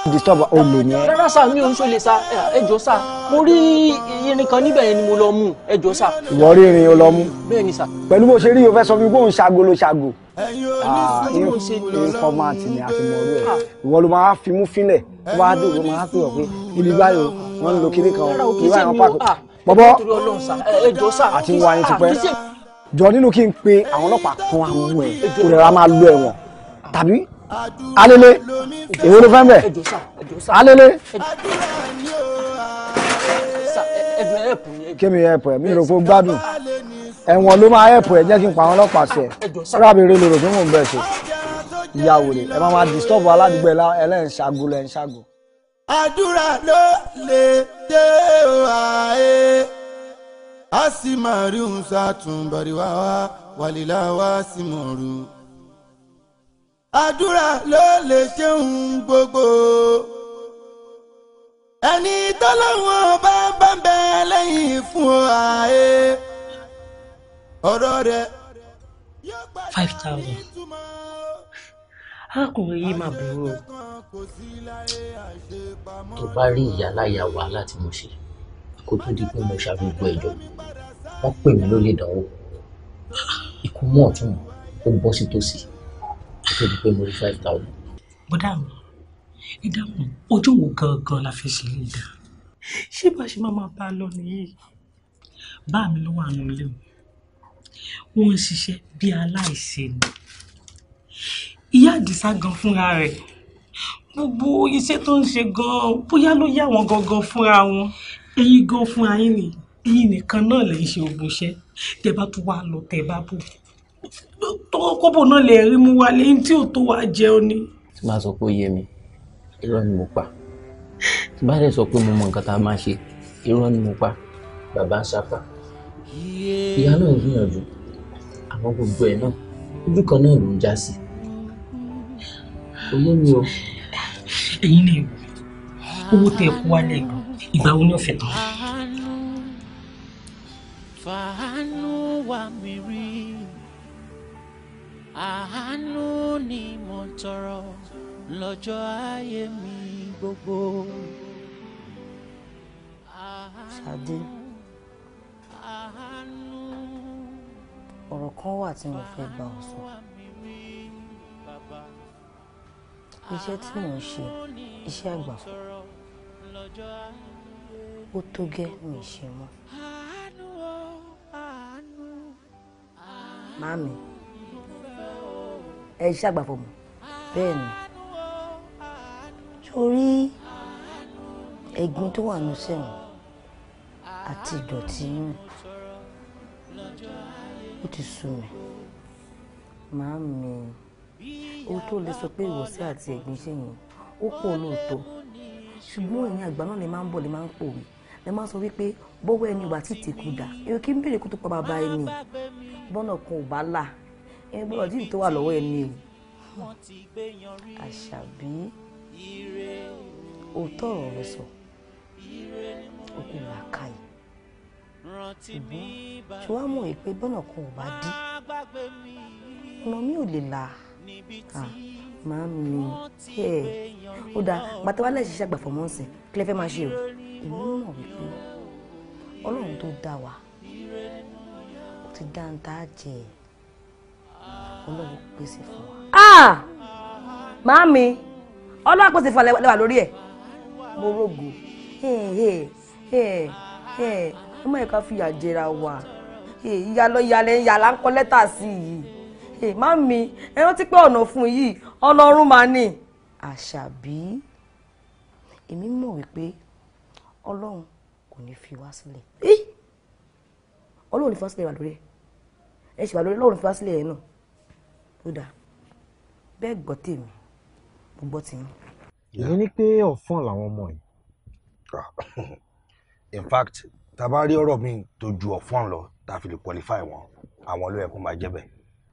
Speaker 9: disturb olè ni ẹ. rárá sá mi ò ń ṣọlẹ sá ẹjọ sá mo rí irin kan níbẹ̀ yẹn ni mo lọ mú ẹjọ sá. ìwọ rí irin o lọ mú. bẹ́ẹ̀ ni sá. pẹ̀lú bó ṣe rí o fẹ́ sọ fún mi pé òun ṣago ló ṣago. Ah, informant ni a ti mọ orí ẹ ah. ìwọ ló máa fi mú fínlẹ̀ tó bá dé ìwọ máa pè ọ́ pé ibi báyìí wọ́n ń lo kiri kan ìwà ìwọ̀n pàkó. bọ́bọ́
Speaker 1: àti wà ní tipẹ́ ah,
Speaker 9: jọ nínú kí n pe àwọn ọlọ́pàá kan àwọn ẹ̀ kó
Speaker 1: alele èwo ló fẹ́ bẹ̀
Speaker 3: alele.
Speaker 9: kémi ẹ̀pọ̀ ẹ̀ mi rò pé gbádùn ẹ̀wọ̀n ló máa ẹ̀pọ̀ ẹ̀ jẹ́ kí n pa àwọn ọlọ́pàá ṣe rábìrì lòrò tó mò ń bẹ̀ ṣe ìyàwó rẹ̀ ẹ̀ máa máa disturb aládùúgbò ẹ̀ lẹ́yìn ṣaago lẹ́yìn ṣaago.
Speaker 1: àdúrà ló lè dé òhàé a sì máa rí òun sátúnbàrí wá wá sí mọ̀ọ́rùn àdúrà ló lè ṣeun gbogbo. ẹni tọ́lọ́wọ́n bá bá bẹ lẹ́yìn fún ọ àyè ọ̀rọ̀ rẹ̀.
Speaker 10: five thousand arákùnrin yìí máa burú o.
Speaker 3: tó bá rí ìyáláyà wàhálà tí mo ṣe kó tó di pé mo ṣàgbégbó ẹjọ́ wọn pè mí ló lè ikú mọ ọtún ó bọ́ sí tòsí kó tó di pé mo rí five thousand.
Speaker 2: bọ́dà mi ojú wo
Speaker 10: gangan la fi ṣe lè dà ṣé bá ṣe máa máa bá a lọ nìyí bá mi ló wà nù ilé o wọ́n ń ṣiṣẹ́ bí aláìṣe ni ìyá àdìsá gan fúnra rẹ̀ gbogbo iṣẹ́ tó ń ṣe gan
Speaker 2: bóyá ló yá wọn gangan fúnra wọn ẹ̀yin gan fúnra yín ni ẹ̀yin nìkan náà lè ṣe ògùn iṣẹ́ tẹ́ bá tún wá lọ tẹ́ bá bò tọwọ́ kọ́bọ̀ náà lè rí mú wálé ní tí ò tó wá jẹun
Speaker 10: ni.
Speaker 3: tí màá sọ pé ó yé mi irọ́ ni mo pa tí bá dẹ̀ sọ pé mo mọ nǹkan tá a máa ṣe irọ́ ni mo pa bàbá ń sapá ìyá náà ń gbìyànjú àmọ́ gbogbo ẹ̀ náà ojú kan náà ló ń já sí oyé mi o.
Speaker 10: ẹ̀yin lè wò owó tẹ kó wálé ìgbà wo ni ó fẹ́ tán.
Speaker 3: fàánú wa mi rí àánú ni mo tọrọ lọ́jọ́ ayé mi gbogbo. Ṣadé
Speaker 2: ọ̀rọ̀ kan wà tí mo fẹ́ bá ọ sọ. Iṣẹ́ tí mò ń ṣe iṣẹ́ àgbàfọ̀ ó tó gẹ́ mi ṣe mọ́. Màmí ẹ ṣe àgbàfọ̀mù bẹ́ẹ̀ ni torí ẹ̀gbin tó wà ní sẹ́wọ̀n àti ìdọ̀tí yìí ó ti sú mi màá mi ó tó lè sọ pé ìwọ̀sẹ̀ àti ẹ̀gbin ṣe ó pọ̀ lóòótọ́ ṣùgbọ́n ẹ̀yin àgbà náà lè máa ń bọ̀ lè máa ń pòwe lè máa sọ wípé bọ́wọ́ ẹni wà tí tèkú dà èrò kí n béèrè kó tó pa bàbá ẹni bọ́nà kan ò bá là ẹ gbọ́dọ̀ tí n tó wà lọ́wọ́ ẹ ní o àṣàbí òótọ́ ọ̀rọ̀ rẹ sọ òkú làákàyè
Speaker 3: ṣùgbọ́n ṣé wàá mọ̀ pé
Speaker 2: bọ́nà kan ò bá dí ọ̀nà mi ò lè là máa ń mi ẹ̀ ó dáa pátáwálẹ̀ ṣiṣẹ́ àgbà fọmọ́sìn kílẹ̀ fẹ́ máa ṣe o èmi mọ̀ wípé ọlọ́run tó dá wa ó ti dá ń tá jẹ́ ẹ̀ ọlọ́run pèsè fún wa. màámi ọlọ́run pèsè fún wa lẹ́wà lórí ẹ̀ mo rògbò ọmọ ẹ̀ka fìyà jẹra wa ìyá lọ ìyàlẹ̀ ìyàlá ń kọ lẹ́tà sí i yìí màámi ẹ rántí pé ọ̀nà fún yìí ọlọ́run máa ní àṣàbí èmi mọ̀ wípé ọlọ́run kò ní fi wá sílẹ̀ ọlọ́run ní fi wá sílẹ̀ wà lórí ẹ̀ ẹ ṣì wà lórí ọlọ́run fi wá sílẹ̀ yẹn náà ó dà bẹ́ẹ̀ gbọ́ tèmi mo gbọ́ tèmi.
Speaker 11: èmi ní pé ọ̀fọ́n làwọn ọmọ yìí. Ah. [laughs] in fact tá a bá rí ọ̀rọ̀ mi tó ju ọ̀fọ́n lọ tá fi lè qualify wọn àwọn ló yẹ kó máa jẹ́ bẹ́ẹ̀.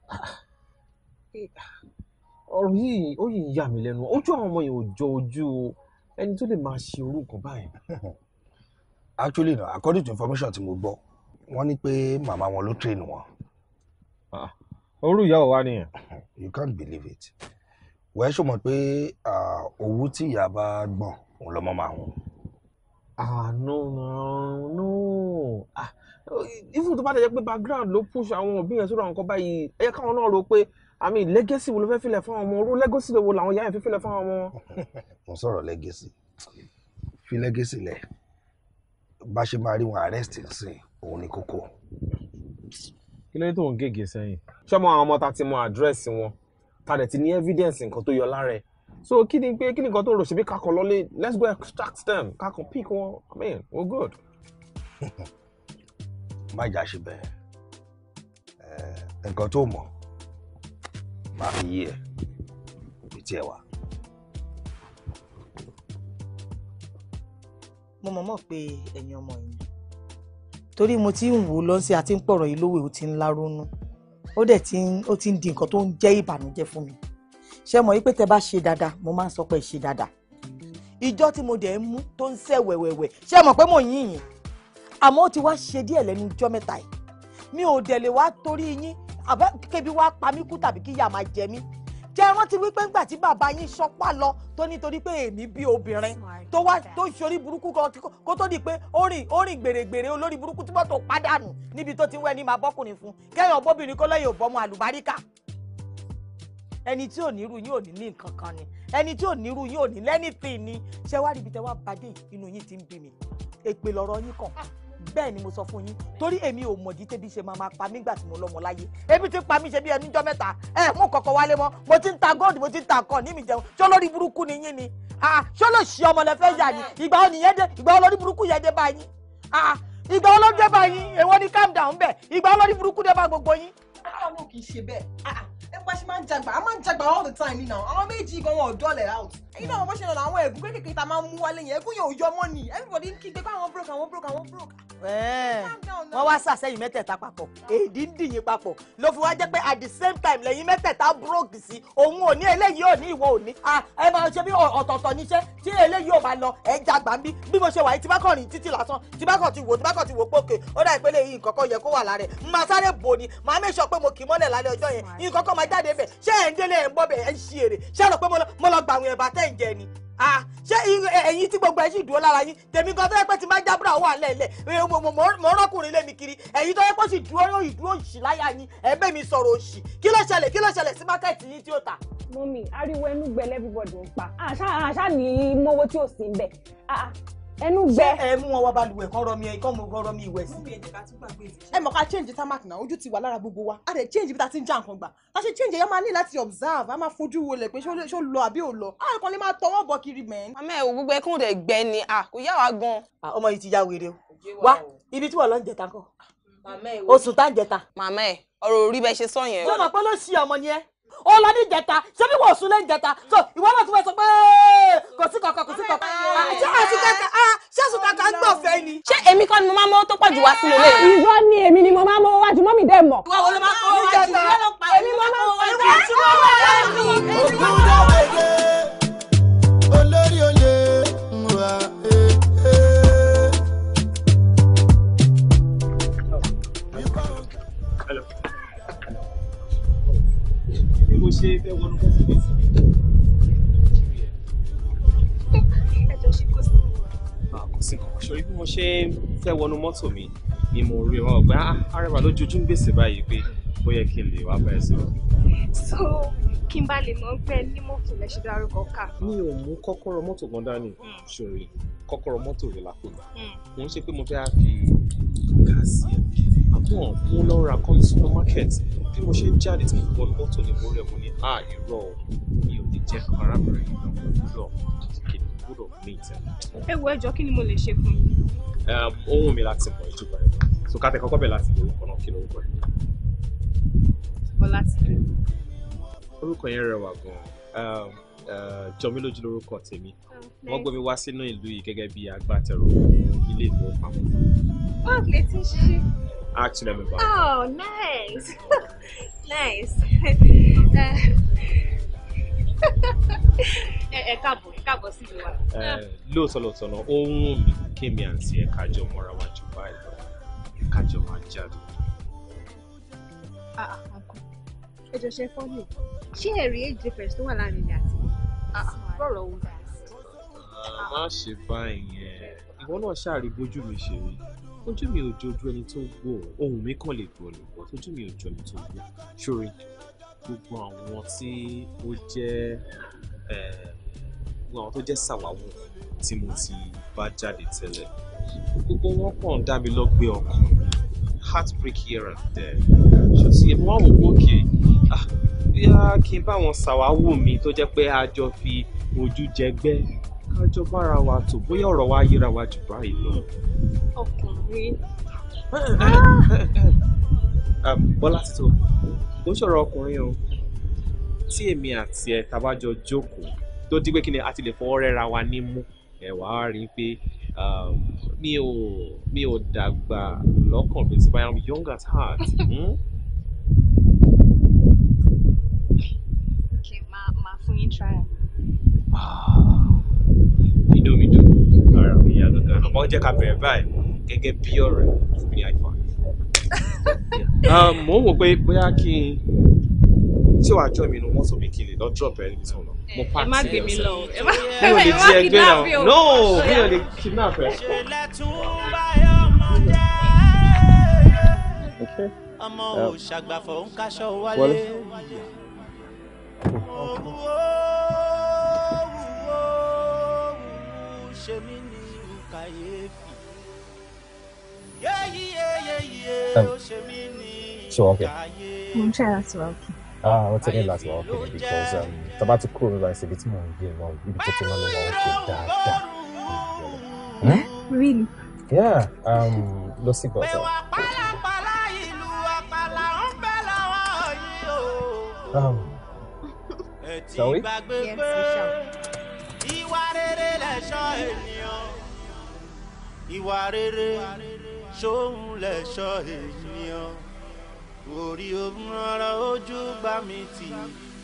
Speaker 4: [sighs]
Speaker 12: ọ̀rọ̀ yìí ó yìí yà mí lẹ́nu ojú àwọn ọmọ yìí ò jọ ojú ẹni tó lè
Speaker 11: máa ṣe irú báyìí. [laughs] actually na according to information tí mo gbọ́ wọ́n ní pé màmá wọn ló train wọn. Ah orú ìyá ò wá you can't believe it wẹ́ẹ́ ṣọmọ pé owó tí ìyá bá gbọ̀n òun lọ́mọ máa hùn.
Speaker 12: ah no no no even tó bá dẹ̀ jẹ́ pé background ló push àwọn òbí yẹn sórí àwọn nǹkan báyìí ẹ yẹ káwọn náà rò pé àmì legacy wo ló fẹ́ filẹ̀ fún àwọn ọmọ orú legacy wo làwọn ìyá yẹn fi filẹ̀ fún ọmọ
Speaker 11: [laughs] mo sọ̀rọ̀ legacy fi legacy lẹ̀ bá ṣe máa rí wọn arrest sí òun ni kókó kí ló dé tó ń gègé sẹ́yìn. ṣọmọ àwọn ọmọ ta ti mọ àdírẹ́sì wọn
Speaker 12: ta ti ní evidence nǹkan tó yọ lára ẹ̀ so kí ni pé kí ni nǹkan tó rò ṣebí kakọ lọlé let's go extract them kakọ pick wọn i mean we good. [laughs] má
Speaker 11: jà ṣe bẹ́ẹ̀ nǹkan tó mọ̀ máa fi
Speaker 2: yí ẹ̀ ibi tí ẹ mo mọ̀ mọ̀ pé ẹ̀yin ọmọ yìí torí mo ti ń wò ó lọ́sí àti ń pọ̀rọ̀ yìí lówó ó ti ń láronú ó dẹ̀ ti ń ó ti ń di nǹkan tó ń jẹ́ ìbànújẹ́ fún mi ṣé mọ̀ wípé tẹ bá ṣe dáadáa mo máa ń sọ pé ṣe dáadáa ìjọ tí mo dẹ̀ ń mú tó ń sẹ̀ wẹ̀wẹ̀wẹ̀ ṣé mọ̀ pé mò ń yìn àmọ́ ó ti wá ṣe díẹ̀ lẹ́nu ijọ́ mẹ́ta yìí mi ò dẹ̀ lè wá torí yín àbẹ́ wá pa mí kú tàbí kíyà máa jẹ mí jẹ́ rántí wípé ńgbà tí bàbá yín ṣọpá lọ tó nítorí pé èmi bí obìnrin tó wá tó ṣorí burúkú kan kó tó di pé ó rìn ó rìn gbèrègbèrè olórí burúkú tí mọ́tò pàdánù níbi tó ti wẹ́ ní máa bọ́kùnrin fún kẹ́yìn ọ̀bọ́bìnrin kó lẹ́yìn òbọ́mọ àlùbáríkà ẹni tí ò nírú yín ò ní ní nǹkan kan ni ẹni tí ò nírú yín ò ní lẹ́nìtì ni ṣé wá ríbi tẹ́ wá bàdé inú yín ti ń bí mi èpè lọ́rọ̀ yín kàn bẹ́ẹ̀ ni mo sọ fún yín torí èmi ò mọ̀dí tẹ́bí ṣe máa máa pa mí gbà tí mo lọ́mọ láyé ebi ti pa mí ṣe bí ẹni jọ́ mẹ́ta ẹ mú kọ̀kọ̀ wálé mọ́ mo ti ń ta gold mo ti ń ta nǹkan ní mi jẹun ṣé olórí burúkú ni yín ni ṣé ló ṣe ọmọ lẹ́fẹ́ yà ni ìgbà wo nìyẹn dé ìgbà wo lórí burúkú yẹn dé bá yín ìgbà wo dé bá yín èwo ni calm down bẹ́ẹ̀ ìgbà wo lórí burúkú dé bá gbogbo yín. ọlọ́run kì í ṣe bẹ́ẹ̀ pa ṣe máa ń jagba a máa ń jagba all the time nínú àwọn méjì gan wọn ò dọ́lẹ̀ out ẹ̀yin náà wọ́n ṣe lọ́nà àwọn ẹ̀gún kékeré tá a máa ń mú wálé yẹn ẹ̀gún yẹn ò yọ mọ́ ni everybody ń kígbe pé àwọn broke àwọn broke àwọn broke. Eh, wọ́n wá sàṣẹ́yìn mẹ́tẹ̀ẹ̀ta papọ̀ èdè ń dìyìn papọ̀ ló fi wá jẹ́ pé at the same time lẹ́yìn mẹ́tẹ̀ẹ̀ta broke sí òun ò ní eléyìí ò ní ìwọ ò ní ah, ẹ máa ṣe bí ọ̀tọ̀ọ̀tọ̀ níṣẹ́ tí eléyìí ò bá lọ ẹ jagba ń bí bí mo ṣe wà yìí tibákọ̀ rìn títí lásán tibákọ̀ ti wò tibákọ̀ ti wò pókè ó dà ìpele yìí nǹkan kan yẹ kó wà lára ẹ̀ máa sáré bò ni máa mẹ́sọ̀ pé mo kì í mọ́lẹ̀ lálẹ́ ọjọ́ yẹn nǹkan kan máa jáde bẹ̀ ṣé ẹ̀ ń délé ẹ̀ ń bọ́ bẹ̀ ẹ̀ ń ṣí èrè ṣé ẹ rò pé mo lọ gbà àwọn ẹ̀bà tẹ̀ ń jẹ ni ṣé ẹ̀yin tí gbogbo ẹ̀ sì dúró lára yín tèmi gan tó yẹ pé ti máa ń jábúrà wà lẹ́lẹ̀ mo rọ́kùnrin lé kiri ẹ̀yin tó yẹ pé ó sì dúró yóò dúró òṣì láyà yín ẹ̀bẹ̀ mi sọ̀rọ̀ òṣì kí ló ṣẹlẹ̀ kí ló ṣẹlẹ̀ sí mákẹ́ẹ̀tì yín tí ó ta. mọ́mì ariwo ẹnu gbẹlẹ́ everybody ń pa àṣà àṣà ni mọ́wọ́ tí ò sí ń bẹ̀ ẹnu gbẹ. ṣé ẹ mú wọn wá balùwẹ̀ kọ́ rọ mi ẹ kọ́ mo kọ́ rọ mi ìwẹ̀ sí. ẹ mọ̀ ká change tarmac náà ojú ti wà lára gbogbo wa a dẹ̀ change bí ta ti ń já nǹkan gbà ta ṣe change yẹn máa ní láti observe a máa fojú wo lẹ̀ pé ṣó lọ àbí ò lọ a kàn lè máa tọwọ́ bọ kiri mẹ́. àmọ́ ẹ̀ gbogbo ẹkún rẹ̀ gbẹ ni a kò yá wa gan. ọmọ yìí ti ya wèrè o wá ibi tí wọ́n lọ ń jẹta kọ́ o tá ń jẹta. màmá ẹ ọ̀rọ̀ orí bẹ ṣe sọ yẹn ó lọ ní ìjẹta ṣé bí wọ́n sún lé ìjẹta so ìwọ náà tún fẹ́ sọ pé kò sí kankan kò sí kankan. Ah, ṣé àṣùkàkà ah, ṣé àṣùkàkà ń gbọ̀fẹ́ ni. ṣé èmi kọ́ ni mo máa mọ́ tó pọ̀ jù wá sínú ilé. Ah. ìwọ ni èmi ni mo máa mọ́ wájú mọ́mì dẹ́ mọ̀. ìwọ wo ló máa kọ́ wájú ìwọ ló pa èmi mo máa kọ́
Speaker 1: wájú. ṣe
Speaker 12: fẹ́ wọnú fún mi nísìn. ẹjọ ṣe kó sí. Ah, kò sí kankan ṣòrí bí mo ṣe fẹ́ wọnú mọ́tò mi ni mo rí wọn pé ah, arẹwà lójoojú ń gbèsè báyìí pé ó yẹ kí n lè wá bá ẹ sọ̀rọ̀.
Speaker 4: so
Speaker 2: kí n bá lè mọ̀ pé ní mọ́tò lẹ ṣe dárúkọ ká.
Speaker 12: mi ò mú kọ́kọ́rọ́ mọ́tò gan dání hmm. ṣòrí kọ́kọ́rọ́ mọ́tò rẹ̀ lápò mi. mo ń ṣe pé mo fẹ́ fi káàsì ẹ̀ àbọ̀ mo lọ ra kan ní supermarket bí mo ṣe ń jáde tí mo wọnú mọ́tò ní borí ẹ̀kọ́ ní à irọ́ mi ò lè jẹ́ arábìnrin ìlú lọ kí ni gbọ́dọ̀ mí ìtẹ́.
Speaker 2: ẹ wo ẹjọ́ kí ni mo lè ṣe fún yín.
Speaker 12: ohun mi láti mọ ìjọba ẹ so ká tẹ kọ́kọ́ bẹ láti lórúkọ náà kí lórúkọ yẹn.
Speaker 2: Bọ́látìdé. orúkọ
Speaker 12: yẹn rẹwà gan-an eh, jọmí lójú lórúkọ tèmi wọ́n gbé mi wá sínú ìlú yìí gẹ́gẹ́ bí agbátẹrù ilé ìfowópamọ́.
Speaker 2: báwo lè ti ṣe
Speaker 12: accident bewaken.
Speaker 2: Oh, nice. [laughs] nice. ẹ [laughs] eh, eh, káàbọ̀ ẹ káàbọ̀ sí mi wa. Eh,
Speaker 12: lóòótọ́ lóòótọ́ náà ó ń wù mí kémi àǹtí ẹ̀ kájọ mọ́ra wa jù báyìí lọ ẹ̀ kájọ máa
Speaker 4: jáde.
Speaker 2: Ah, ah, ẹ jọ ṣe fọ́ mi ṣé ẹ rí age difference tó wà láàrin mi àti rọ̀rọ̀ ah, wo.
Speaker 4: má ṣe
Speaker 12: bá ìyẹn ìwọ náà ṣàrí bójú mi ṣe rí ojú mi ò jojú ẹni tó ń ohun mi kàn lè gbọ́ ni but ojú mi ò jọ ẹni tó ń wò sórí gbogbo àwọn tí ó jẹ́ eh, gbogbo àwọn tó jẹ́ sàwáwò tí mo ti bá jáde tẹ́lẹ̀ gbogbo wọn kàn dá mi lọ́gbé ọkàn heartbreak here and there ṣòsì èmi wọn wò ókè ah, bóyá kí n bá wọn sàwáwò mi tó jẹ́ pé a jọ fi ojú jẹgbẹ́ ká jọ bára wa tó bóyá ọ̀rọ̀ wa yíra wa jù báyìí lọ.
Speaker 4: ọkùnrin. Ah!
Speaker 12: Um, bọ́lá tó kò ṣọ̀rọ̀ ọkùnrin o tí èmi àti ẹ̀ tabájọ jókòó tó di pé kí ni a ti lè fọwọ́ rẹ́ra wa ní mú ẹ̀ wá rí i pé um, mi ò mi ò dàgbà lọ́kàn mi sí i am young at heart. Ok,
Speaker 2: hmm? okay, ma ma fún yín try. Ah!
Speaker 12: ọmọ jẹ́ ká bẹ̀rẹ̀ báyìí gẹ́gẹ́ bí ọ̀rẹ́ fún mi àìfà. mo ń wò pé bóyá kí n tí wàá jọ mi nu wọn sọ
Speaker 3: pé kí n lè lọ drop ẹ níbi tí mo lọ. mo pa ti ẹ sẹ mi ò lè ti ẹgbẹ́ náà no mi ò lè kidnap ẹ. ọmọ òṣàgbàfọ̀ ń kaṣọ wálé. ṣe mí. So okay. I'm sure that's okay. Ah, wọ́n tẹ́lẹ̀ láti wà ókè níbi
Speaker 12: because um, tọ́ba ti kúrò nígbà ìṣèlú tí mò ń gbé lọ ibi tó ti máa ń lọ ókè dáadáa. Really? Yeah, um, lọ sí gbọ̀dọ̀.
Speaker 3: Um, shall we? Yes, we shall. Ìwà rere lẹ̀ṣọ́ ènìyàn. Ìwà ṣóun lè ṣọ́ ènìyàn orí ogun ara ojú gbá mi tì.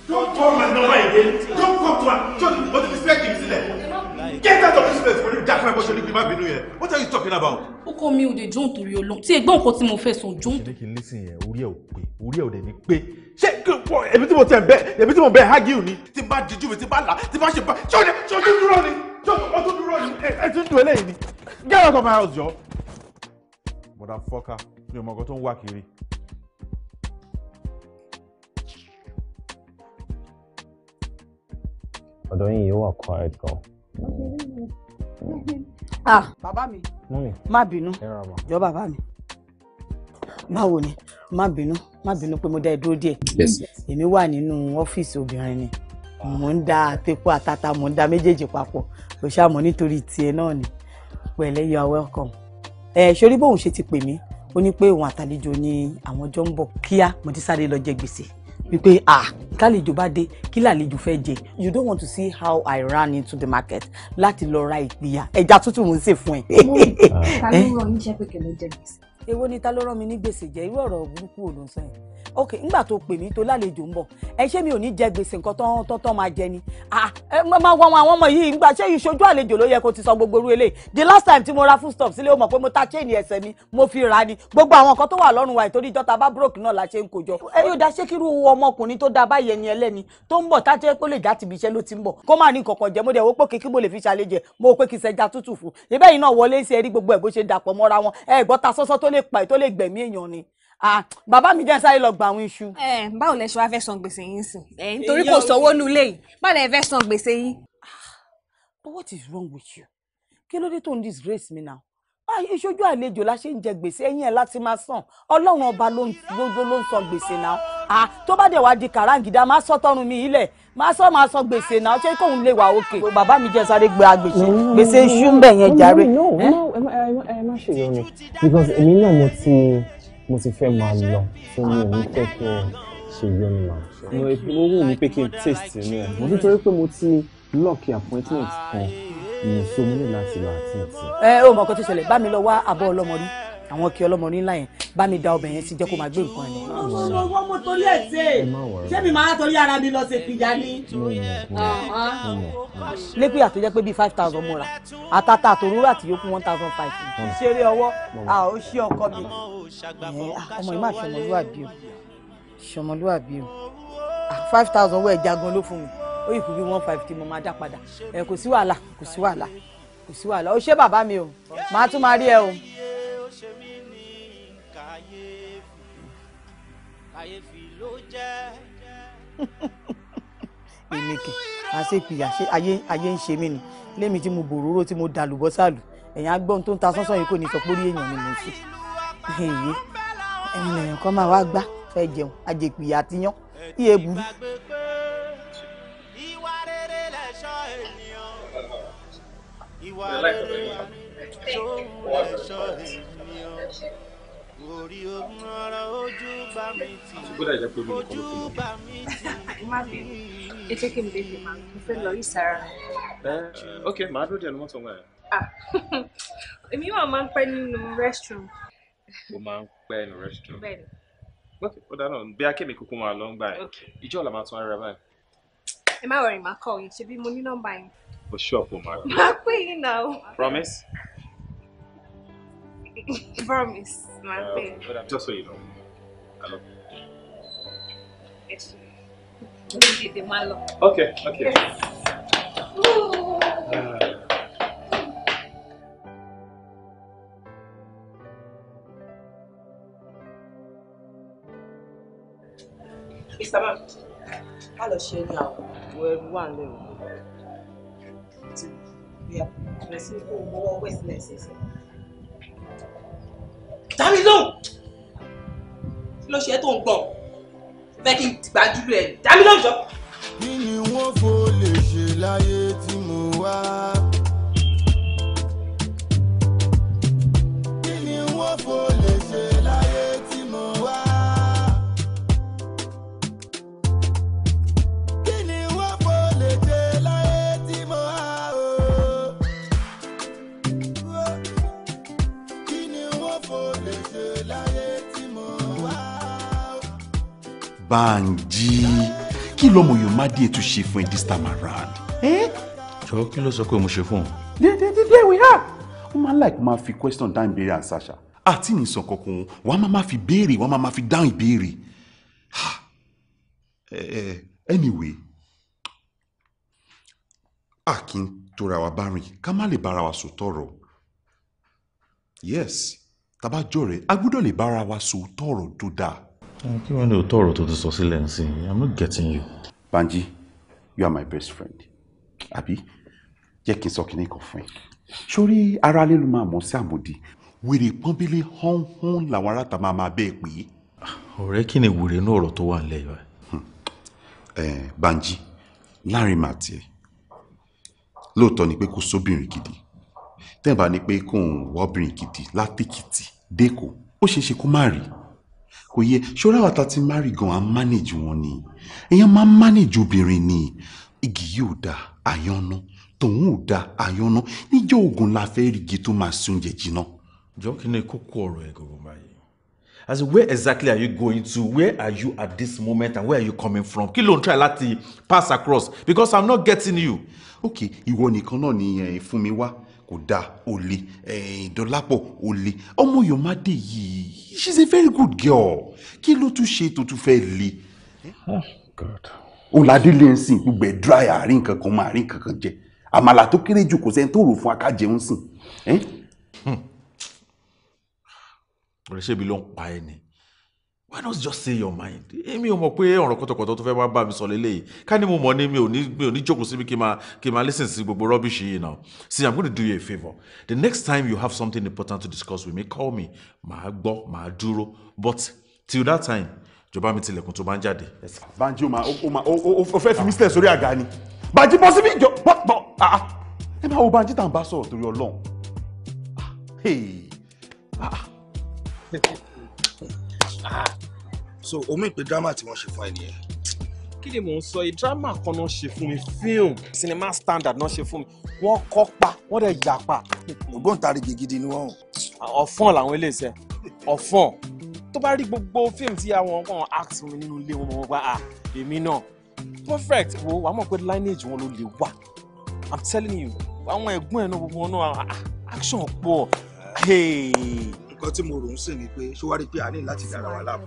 Speaker 3: Don't call my number again. Don't
Speaker 8: come to her. Just what is like this like? Get out of this place for
Speaker 13: you. That's my question. You might be new here. What are you talking about?
Speaker 2: Ó kọ́ mi ò dé John torí Ọlọ́run. Tí ẹgbọ́n nǹkan tí mo fẹ́ sọ John.
Speaker 13: Ṣé kí n lísìn yẹn? Orí ẹ̀ ò pé. Orí ẹ̀ ò dẹ̀ ní pé.
Speaker 2: Ṣé kí n pọ̀ ẹ̀mí tí mo tẹ̀ ń bẹ́ ẹ̀mí tí mo
Speaker 13: bẹ́
Speaker 8: hágíù ni? Tí n bá dijú mi, tí n bá là, tí n bá ṣe bá. Ṣé o ní dúró ni? Ṣé o tún dúró ni? Ẹ ti ń dùn eléyìí ni. Get out of my house, jọ.
Speaker 13: Motherfucker, fọ́ká mi ò mọ̀ nǹkan tó ń wà kiri.
Speaker 12: ọ̀dọ̀ yín yìí wà quiet gan.
Speaker 2: ah bàbá mi má bínú jọ bàbá mi báwo ni má bínú má bínú pé mo dá ẹ dúró díẹ̀ èmi wà nínú ọ́fíìsì obìnrin ni mò ń da àtẹkù àtàtà mò ń da méjèèjì papọ̀ kò ṣáà mọ̀ nítorí tiẹ̀ náà ni pẹ̀lẹ́ you are welcome ṣorí bóun ṣe ti pè mí ó ní pé òun àtàlejò ni àwọn jọ ń bọ̀ kíá mo ti sáré lọ jẹ gbèsè wípé ah kálejò bá dé kí làlejò fẹ́ jẹ you don't want to see how I ran into the market láti lọ ra ìpìyà ẹja tútù mo ń sè fún ẹ. ta ló [laughs] eh? rán yín pé kẹlẹ jẹ gbèsè. èwo ni ta ló rán mi ní gbèsè jẹ irú ọ̀rọ̀ burúkú ò ló sọ yẹn ok ńgbà tó pè mí tó lálejò ń bọ̀ ẹ ṣé mi ò ní jẹ gbèsè nǹkan tán tán tán máa jẹ ni ẹ máa wọ àwọn ọmọ yìí ńgbà ṣé ìṣojú àlejò ló yẹ kó ti sọ gbogbo orú eléyìí the last time tí mo ra foodstuff sílé ó mọ̀ pé mo ta chain ẹsẹ̀ mi mo fi rà ni gbogbo àwọn nǹkan tó wà lọ́rùn wa ìtorí ìjọta bá broke náà la ṣe ń kojọ ẹ yóò da ṣé kírú ọmọkùnrin tó da báyìí ẹni ẹlẹ́ni tó ń bọ̀ tá jẹ́ pé lè já tìbí iṣẹ́ ló ti ń bọ̀ kó má ní kọ̀kọ̀ jẹ́ mo dẹ̀ wo pé kí mo lè Ah, bàbá mi jẹ́ sáré lọ gba àwọn iṣu. báwo lẹ ṣe wá fẹ́ san gbèsè yín sí i nítorí kò sanwó nulẹ̀ yìí báwo lẹ fẹ́ san gbèsè yín. Ah, but what is wrong with you kí ló dé tó ń disgrace mi now ah, ìṣojú àlejò la ṣe ń jẹ gbèsè ẹ̀yìn ẹ̀ láti máa san ọlọ́run ọba ló ń san gbèsè náà à tó bá dẹ̀ wá di kàràǹgídá máa sọ tọrùn mi ilẹ̀ máa sọ máa sọ gbèsè náà ṣé kóun lè wà òkè. bàbá mi jẹ́ sáré gba gbèsè gbèsè iṣu ń bẹ̀ yẹn jàre. Eh? ẹ má ṣe
Speaker 12: yọ mi because èmi náà mo ti mo ti fẹ́ máa lọ tí mi ò ní fẹ́ kí ẹ ṣe yọnu mà. mo mo wù mí pé kí n taste inú ẹ. mo nítorí pé mo ti lọ́ọ̀kì appointment kan mo so mo ní láti
Speaker 2: lọ àti ìtì. ẹ ò mọ̀ kó tó ṣẹlẹ̀ bá mi lọ wá àbọ̀ ọlọ́mọ rí àwọn kí ọlọ́mọ onílà yẹn bá mi da ọbẹ̀ yẹn sí jẹ́ kó máa gbé nǹkan ni. owó mo torí ẹ̀ ṣe ṣé mi máa torí ara mi lọ ṣe pìyà ni. lépè àtọ́jẹ́ pé bíi five thousand mo rà àtàtà àtòrúurú àti yòókù one thousand five. Hmm. ṣeré ọwọ́ a ò ṣí ọkọ mi. ọmọ yìí máa ṣọmọlúwàbí o ṣọmọlúwàbí o five thousand owó ẹ̀ jagun ló fún mi ó yìí kú bí one five tí mo máa dá padà ẹ kò sí wàhálà kò sí wàhálà kò sí wàhálà ó ṣé bàbá mi o màá tún máa rí ẹ o.
Speaker 3: kàyéfì ló jẹ́. [laughs]
Speaker 2: èmi kì àṣepìyà ṣe ayé ayé ń ṣe mí ni lémi tí mo bòróró tí mo dàlùbọ́sàlù ẹ̀yìn agbọ́n tó ń ta sánsán yìí kò ní sọ pé orí èèyàn ni mo sì èyí ẹ̀yìn èèyàn kan máa wá gbá fẹ́ jẹun àjèpìyà àti yán iye burú.
Speaker 3: ìwà rere ló ń lè ṣọ́ ènìyàn orí ogun ọ̀rọ̀ ojú bá mi tì ojú bá mi tì. má fi ẹ jẹ́ kí n lè lè máa mo fẹ́ lọ yìí sára.
Speaker 12: ok màá dúró díẹ̀ ní mọ́tò wọn.
Speaker 4: èmi wà máa ń pẹ́ nínú restroom.
Speaker 12: o máa ń pẹ́ nínú restroom. bẹ́ẹ̀ni. ok ó dáná bí akéde kúkú máa lọ ń gbà ẹ ìjọ ọ̀la tún ara báyìí.
Speaker 2: ẹ má wọrin màá kọ yìí ṣebí mo ní nọ́mbà yẹn.
Speaker 12: for sure for my.
Speaker 2: máa pè yín náà. promise. [laughs] Promise, my uh, babe.
Speaker 12: But just so
Speaker 3: you know, I love you.
Speaker 2: Yes,
Speaker 4: Okay, okay. Yes. Uh,
Speaker 2: Mr. Man, a lọ ṣe ní àwọn ẹrú wà lẹ́wọ̀n. Bí a bẹ̀rẹ̀ sí kó owó ọwọ́ ìsìnlẹ̀ ṣẹ̀ṣẹ̀ dá mi lóhùn kí ló ṣe é tó ń gbọ̀n fẹ́ kí n gbàdúrà ẹ̀ dá mi lóhùn jọ.
Speaker 1: kí ni wọ́n fò lè ṣe láyé tí mo wá.
Speaker 14: Banji kí lọmọ yóò má díẹ̀ tún ṣe fún ẹ this time around. jọ kí ló sọ pé mo ṣe fún un. dédédédé we are. wọ́n máa like máa fi question down ìbéèrè and sasha àti ní sàn kankan wọ́n máa máa fi béèrè wọ́n máa máa fi down ìbéèrè. anyway a kì í tóra wa bá rìn ká má lè bára wa sọ
Speaker 13: tọrọ yes tabajọ
Speaker 14: rẹ a gbọ́dọ̀ lè bára wa sọ tọrọ tó dáa
Speaker 3: Eh, kí wọ́n
Speaker 13: lè tọrọ tó ti sọ sílẹ̀ ń sìn i'm not getting you. Banji
Speaker 14: you are my best friend àbí jẹ́ kí n sọ kíní kan fún ẹ sórí ara lílu máa mọ̀ sí àmọ̀dí wèrè pọ́nbílé hánhán làwọn aráta máa máa bẹ́ẹ̀ pé.
Speaker 13: ọ̀rẹ́ kí ni wèrè inú ọ̀rọ̀ tó wà nílẹ̀ yọ. Hmm. Eh, Banji láàrin màá tiẹ̀ lóòótọ́ ni pé kò sóbìnrin gidi
Speaker 14: tẹ́ǹbà ni pé kò ń wọ́bìnrin gidi látìkìtì dẹ́kọ̀ ó ṣeé ṣe kó má rí kò yẹ ṣọ́ra wa ta ti gan à manage wọn ni èèyàn máa manage obìnrin ni igi yóò da àyànnà tòun ò da àyànnà níjọ́ oògùn la fẹ́ rigi tó máa sun jìnnà.
Speaker 13: jọ kí ni kókó ọ̀rọ̀ ẹ gbogbo báyìí as in where exactly are you going to where are you at this moment and where are you coming from kí ló ń try láti pass across because i'm not getting you. ok ìwọ nìkan náà ni eh, fún mi wá
Speaker 14: kódà olè ìdọ́lápọ̀ eh, olè ọmọ yomade yìí she's a very good girl kí ló tún ṣe tó tún fẹ́ le. Oh, ọ̀làdílé ń sìn gbogbo ẹ̀ dry àárín nǹkan kan máa àárín nǹkan kan jẹ àmàlà tó kéré jù kò sẹ́ni tó rò fún akájẹun sìn.
Speaker 13: oríṣiríṣi eh? hmm. ló ń pa ẹ ni why not just say your mind èmi ò mọ̀ pé ọ̀rọ̀ kọ́tọ̀kọ́tọ̀ tó fẹ́ wá bá mi sọ lélẹ́yìí ká ní mo mọ̀ ní mi ò ní mi ò ní jókòó síbi kí kí n máa listen sí gbogbo rubbish yìí náà see i'm gonna do you a favour the next time you have something important to discuss with me call me màá gbọ́ màá dúró but till that time jọba mi tilẹ̀kùn tó bá ń jáde.
Speaker 14: banji o ma o ma o fẹ́ fi mí sílẹ̀ sórí àga ni banji bọ́ síbí jọ bọ́ bọ́ ah, ah. ẹ máa wo banji tá à ń bá sọ̀rọ̀ torí ọlọ́run.
Speaker 11: Ah, so omi ìpè drama tí wọ́n ṣe fún ẹ nìyẹn. kí ni mò ń sọ yìí drama
Speaker 12: kan náà ṣe fún mi film cinema standard náà ṣe fún mi wọ́n kọ́pa wọ́n dẹ̀ yapa. ògbóǹtarìgì gidi ni wọ́n. ọ̀fọ́n làwọn eléyìí ọ̀fọ́n tó bá rí gbogbo fíìmù tí àwọn ọkàn act mi nínú ilé wọn wọn gba ah, èmi náà perfect wo wàá mọ̀ pé lineage wọn ló lè wà i'm telling you àwọn ẹ̀gbọ́n ẹ̀ náà gbogbo wọn náà
Speaker 11: ah, action pọ̀. Hey nǹkan tí mo rò ń sìn ni pé ṣé wàá rí i pé a ní láti dára wa láàmú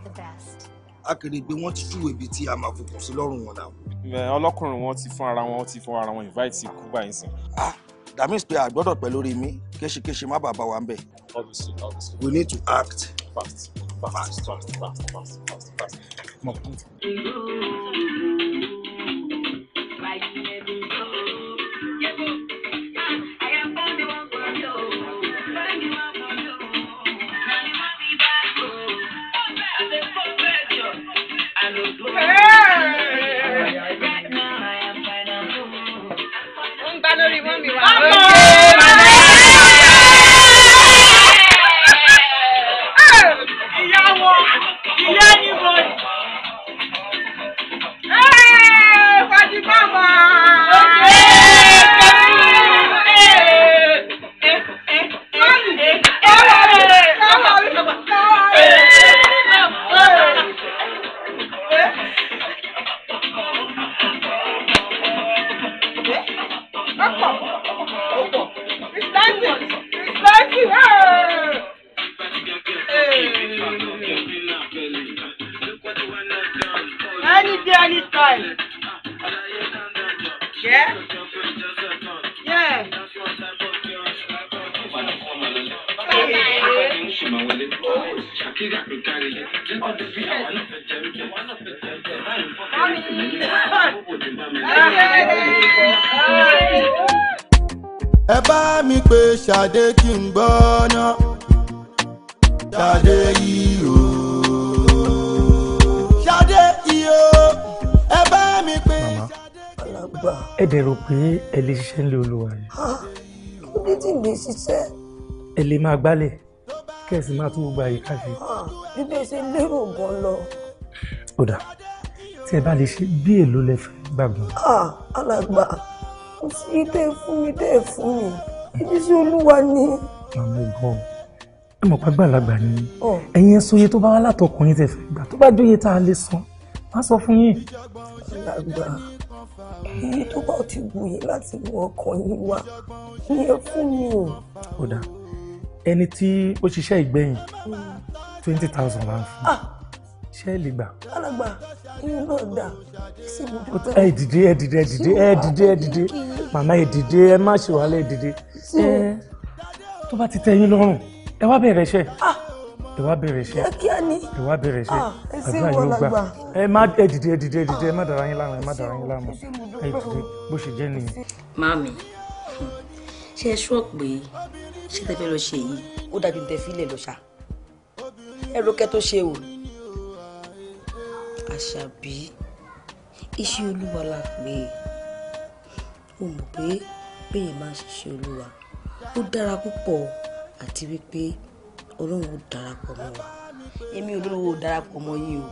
Speaker 11: akèrègbè wọn ti júwèé ibi tí a máa fòkùn sí lọ́rùn wọn náà. ọlọ́kùnrin wọn ti fún ara wọn ti fún ara wọn invite ikú báyìí sìn. ah that means pé a gbọ́dọ̀ pẹ́ lórí mi kéṣekéṣe má bàbá wa ń bẹ̀. obviously obviously we need to act fast fast fast fast fast fast fast.
Speaker 4: 31 me.
Speaker 12: ṣàkíyà mi nípa owó
Speaker 4: tó bá mi lẹ́yìn.
Speaker 1: ẹ bá mi pè ṣàdé kí n gbọ́ ná ṣàdé yìí o. ṣàdé yìí o ẹ bá mi pè ṣàdé kí n gbọ́.
Speaker 10: ẹ dẹ̀ pé ẹ lè ṣiṣẹ́ ńlẹ̀ olúwa yìí.
Speaker 1: kí ló dé tí ń
Speaker 4: ṣiṣẹ́.
Speaker 10: ẹ lè máa gbálẹ̀ kẹ́sì máa tún gbogbo àyíká ṣe. Ah,
Speaker 4: bí bẹ́ẹ̀ ṣe lérò gan lọ.
Speaker 10: ó dà tí ẹ bá lè ṣe bí èlò lẹ fẹ́ gbàgbọ́.
Speaker 4: Ah, alàgbà tí tẹ́ fún mi tẹ́ fún mi ibi tí olúwa ni.
Speaker 10: màmá ìgbọ́ ẹ mọ̀ pé àgbàlagbà ni oh. ẹ̀yin ẹ̀ sóye tó bá wá látọkùnrin tẹ́ fẹ́ gbà tó bá jóye tá a lè san má sọ fún yín.
Speaker 2: alàgbà iye tó bá ti wù yín láti wọ ọkàn yín wá
Speaker 4: ni ẹ fún mi o.
Speaker 10: ó dáa ẹni tí ó ṣiṣẹ́ ìgbẹ̀yìn hmm. twenty thousand la ń fún ah. ṣé ẹ lè gbà.
Speaker 4: alàgbà inú náà dà sí ibùdó tó. ẹ dìde ẹ dìde ẹ dìde ẹ dìde ẹ dìde
Speaker 10: màmá ẹ dìde ẹ má ṣe wàhálà ẹ dìde ẹ tó bá ti tẹ́ yín lọ́rùn ẹ wá bẹ̀rẹ̀ iṣẹ́ ah. ẹ wá bẹ̀rẹ̀ iṣẹ́ ẹ wá bẹ̀rẹ̀ iṣẹ́ ah, àdúrà yóò gbà ẹ má ẹ dìde ẹ dìde ẹ dìde ẹ má dara yín láàmú ẹ má dara yín láàmú
Speaker 4: ẹ dìde
Speaker 2: bó ṣe jẹ́ nìyẹn. màmí ṣe é ṣọ́ọ̀pù ṣé tẹ́ fẹ́ lọ ṣe yìí ó dàbí tẹ́ fílẹ̀ lọ ṣá ẹrù kẹ́ tó ṣe o àṣàbí iṣẹ́ olúwa la pè é o mọ̀ pé bẹ́ẹ̀ máa ṣiṣẹ́ olúwa ó dára púpọ̀ àti wípé ọlọ́run ó darapọ̀ mọ́ wa èmi olówó darapọ̀ mọ́ yín o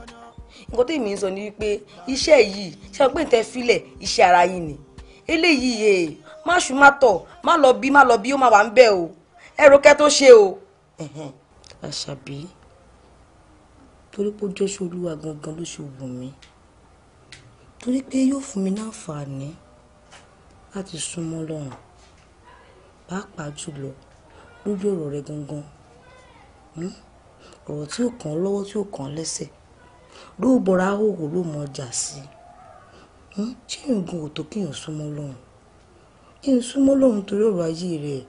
Speaker 2: nǹkan tó èmi ń sọ ni wípé iṣẹ́ yìí ṣe pé n tẹ́ filẹ̀ iṣẹ́ ara yín ni eléyìí ẹ̀ eh, má má tọ̀ má lọ bí má lọ bí ó má wà ń bẹ̀ o ẹrù kẹ́ tó ṣe o. àṣàbí torí pé ó jọ́sọ olúwa gangan ló ṣe wù mí torí pé yóò fún mi láǹfààní láti súnmọ́ lọ́run pàápàá jùlọ lójú ọ̀rọ̀ rẹ gangan hmm? ọ̀rọ̀ tí ó kàn lọ́wọ́ tí ó kàn lẹ́sẹ̀ ló bọ̀ra hòhò ló mọ ọjà sí hmm? ṣé
Speaker 4: nǹkan ò kí n súnmọ́ lọ́run kí n súnmọ́ lọ́run torí ọ̀rọ̀ ayé rẹ̀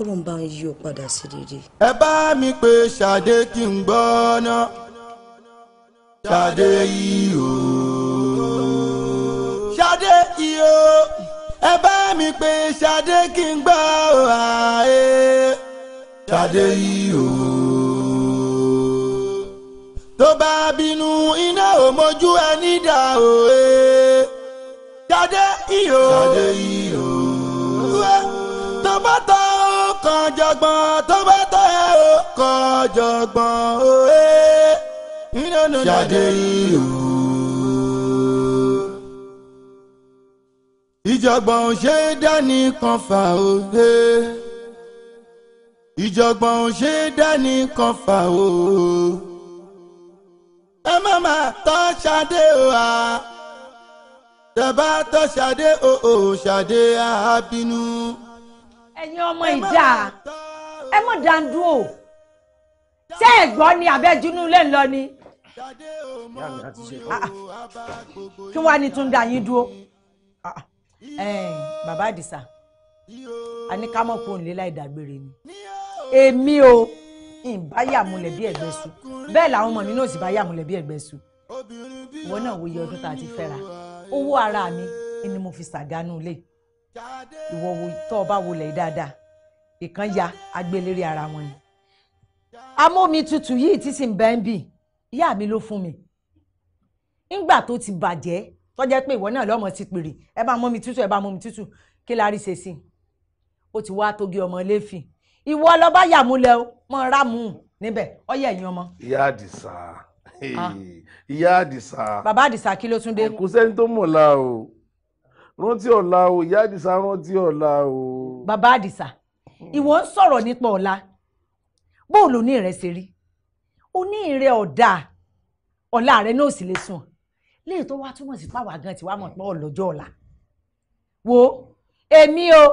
Speaker 4: kọ́lọ́n bá yí o padà sí rere.
Speaker 1: ẹ bá mi pé ṣàdé kí n gbọ́ ná ṣàdé yìí o. ṣàdé yìí o ẹ bá mi pé ṣàdé kí n gbọ́ ààyè ṣàdé yìí o. tó bá bínú iná ò mójú ẹni dà o. E. ṣàdé yìí o. ṣàdé yìí o. tó bá tọ́ kọjọgbọn tó bá tọ́ ẹ o kọjọgbọn o ẹ ṣàdé yìí o. ìjọgbọ́n ò ṣe é dání kan fà ó lé ìjọgbọ́n ò ṣe é dání kan fà ó. ẹ má má tọ́ ṣadé o a tẹ bá tọ́ ṣadé o ò ṣadé a bínú ẹ̀yin ọmọ ìjà ẹ mọ̀ dandu o ṣé ẹ ni abẹ́júnú lè lọ ni. Ah, ah.
Speaker 2: kí wàá ní tún da yín dúró. Ah, bàbá àdìsá a ní ká mọ̀ kó òǹlé láì dágbére ni èmi o ìbáyàmúlẹ̀ bí ẹ̀gbẹ́ sùn bẹ́ẹ̀ làwọn ọmọ mi náà sì báyàmúlẹ̀ bí ẹ̀gbẹ́ sùn ìwọ náà wòye ọdún tá a ti fẹ́ra owó ara mi ni mo fi ṣàgánú lé ìwọ wo tọ́ ọ bá wọlé dáadáa ìkan ya agbélére ara wọn ni amómi tutù yìí tí sì ń bẹ́ ń bì ìyá mi ló fún mi ńgbà tó ti bàjẹ́ tọ́jẹ́ pé ìwọ náà lọ́mọ ti pèrè ẹ bá mọ́mi tútù ẹ bá mọ́mi tútù kí la ṣe sí i ó ti wá togi ọmọ léfì ìwọ lọ́ba yàmúlẹ̀ o mọ rámù níbẹ̀ ọyẹ ẹ̀yin ọmọ.
Speaker 5: ìyá àdìsá ah. ìyá àdìsá. bàbá àdìsá kí ló tún dé. kò sẹ́ni tó mọ̀ la o rántí ọ̀la o ìyá àdìsá rántí ọ̀la o.
Speaker 2: bàbá àdìsá hmm. ìwọ ń sọ̀rọ̀ nípa ọ̀la bóòlù ní ìrẹsì rí o ní ìrẹ ọ̀dà ọ̀la rẹ náà sì lè sùn léè tó wá túmọ̀ sí pàwọ́ àgàn tí wàá mọ̀ pé ọ̀lọ́jọ́ ọ̀la wo èmi o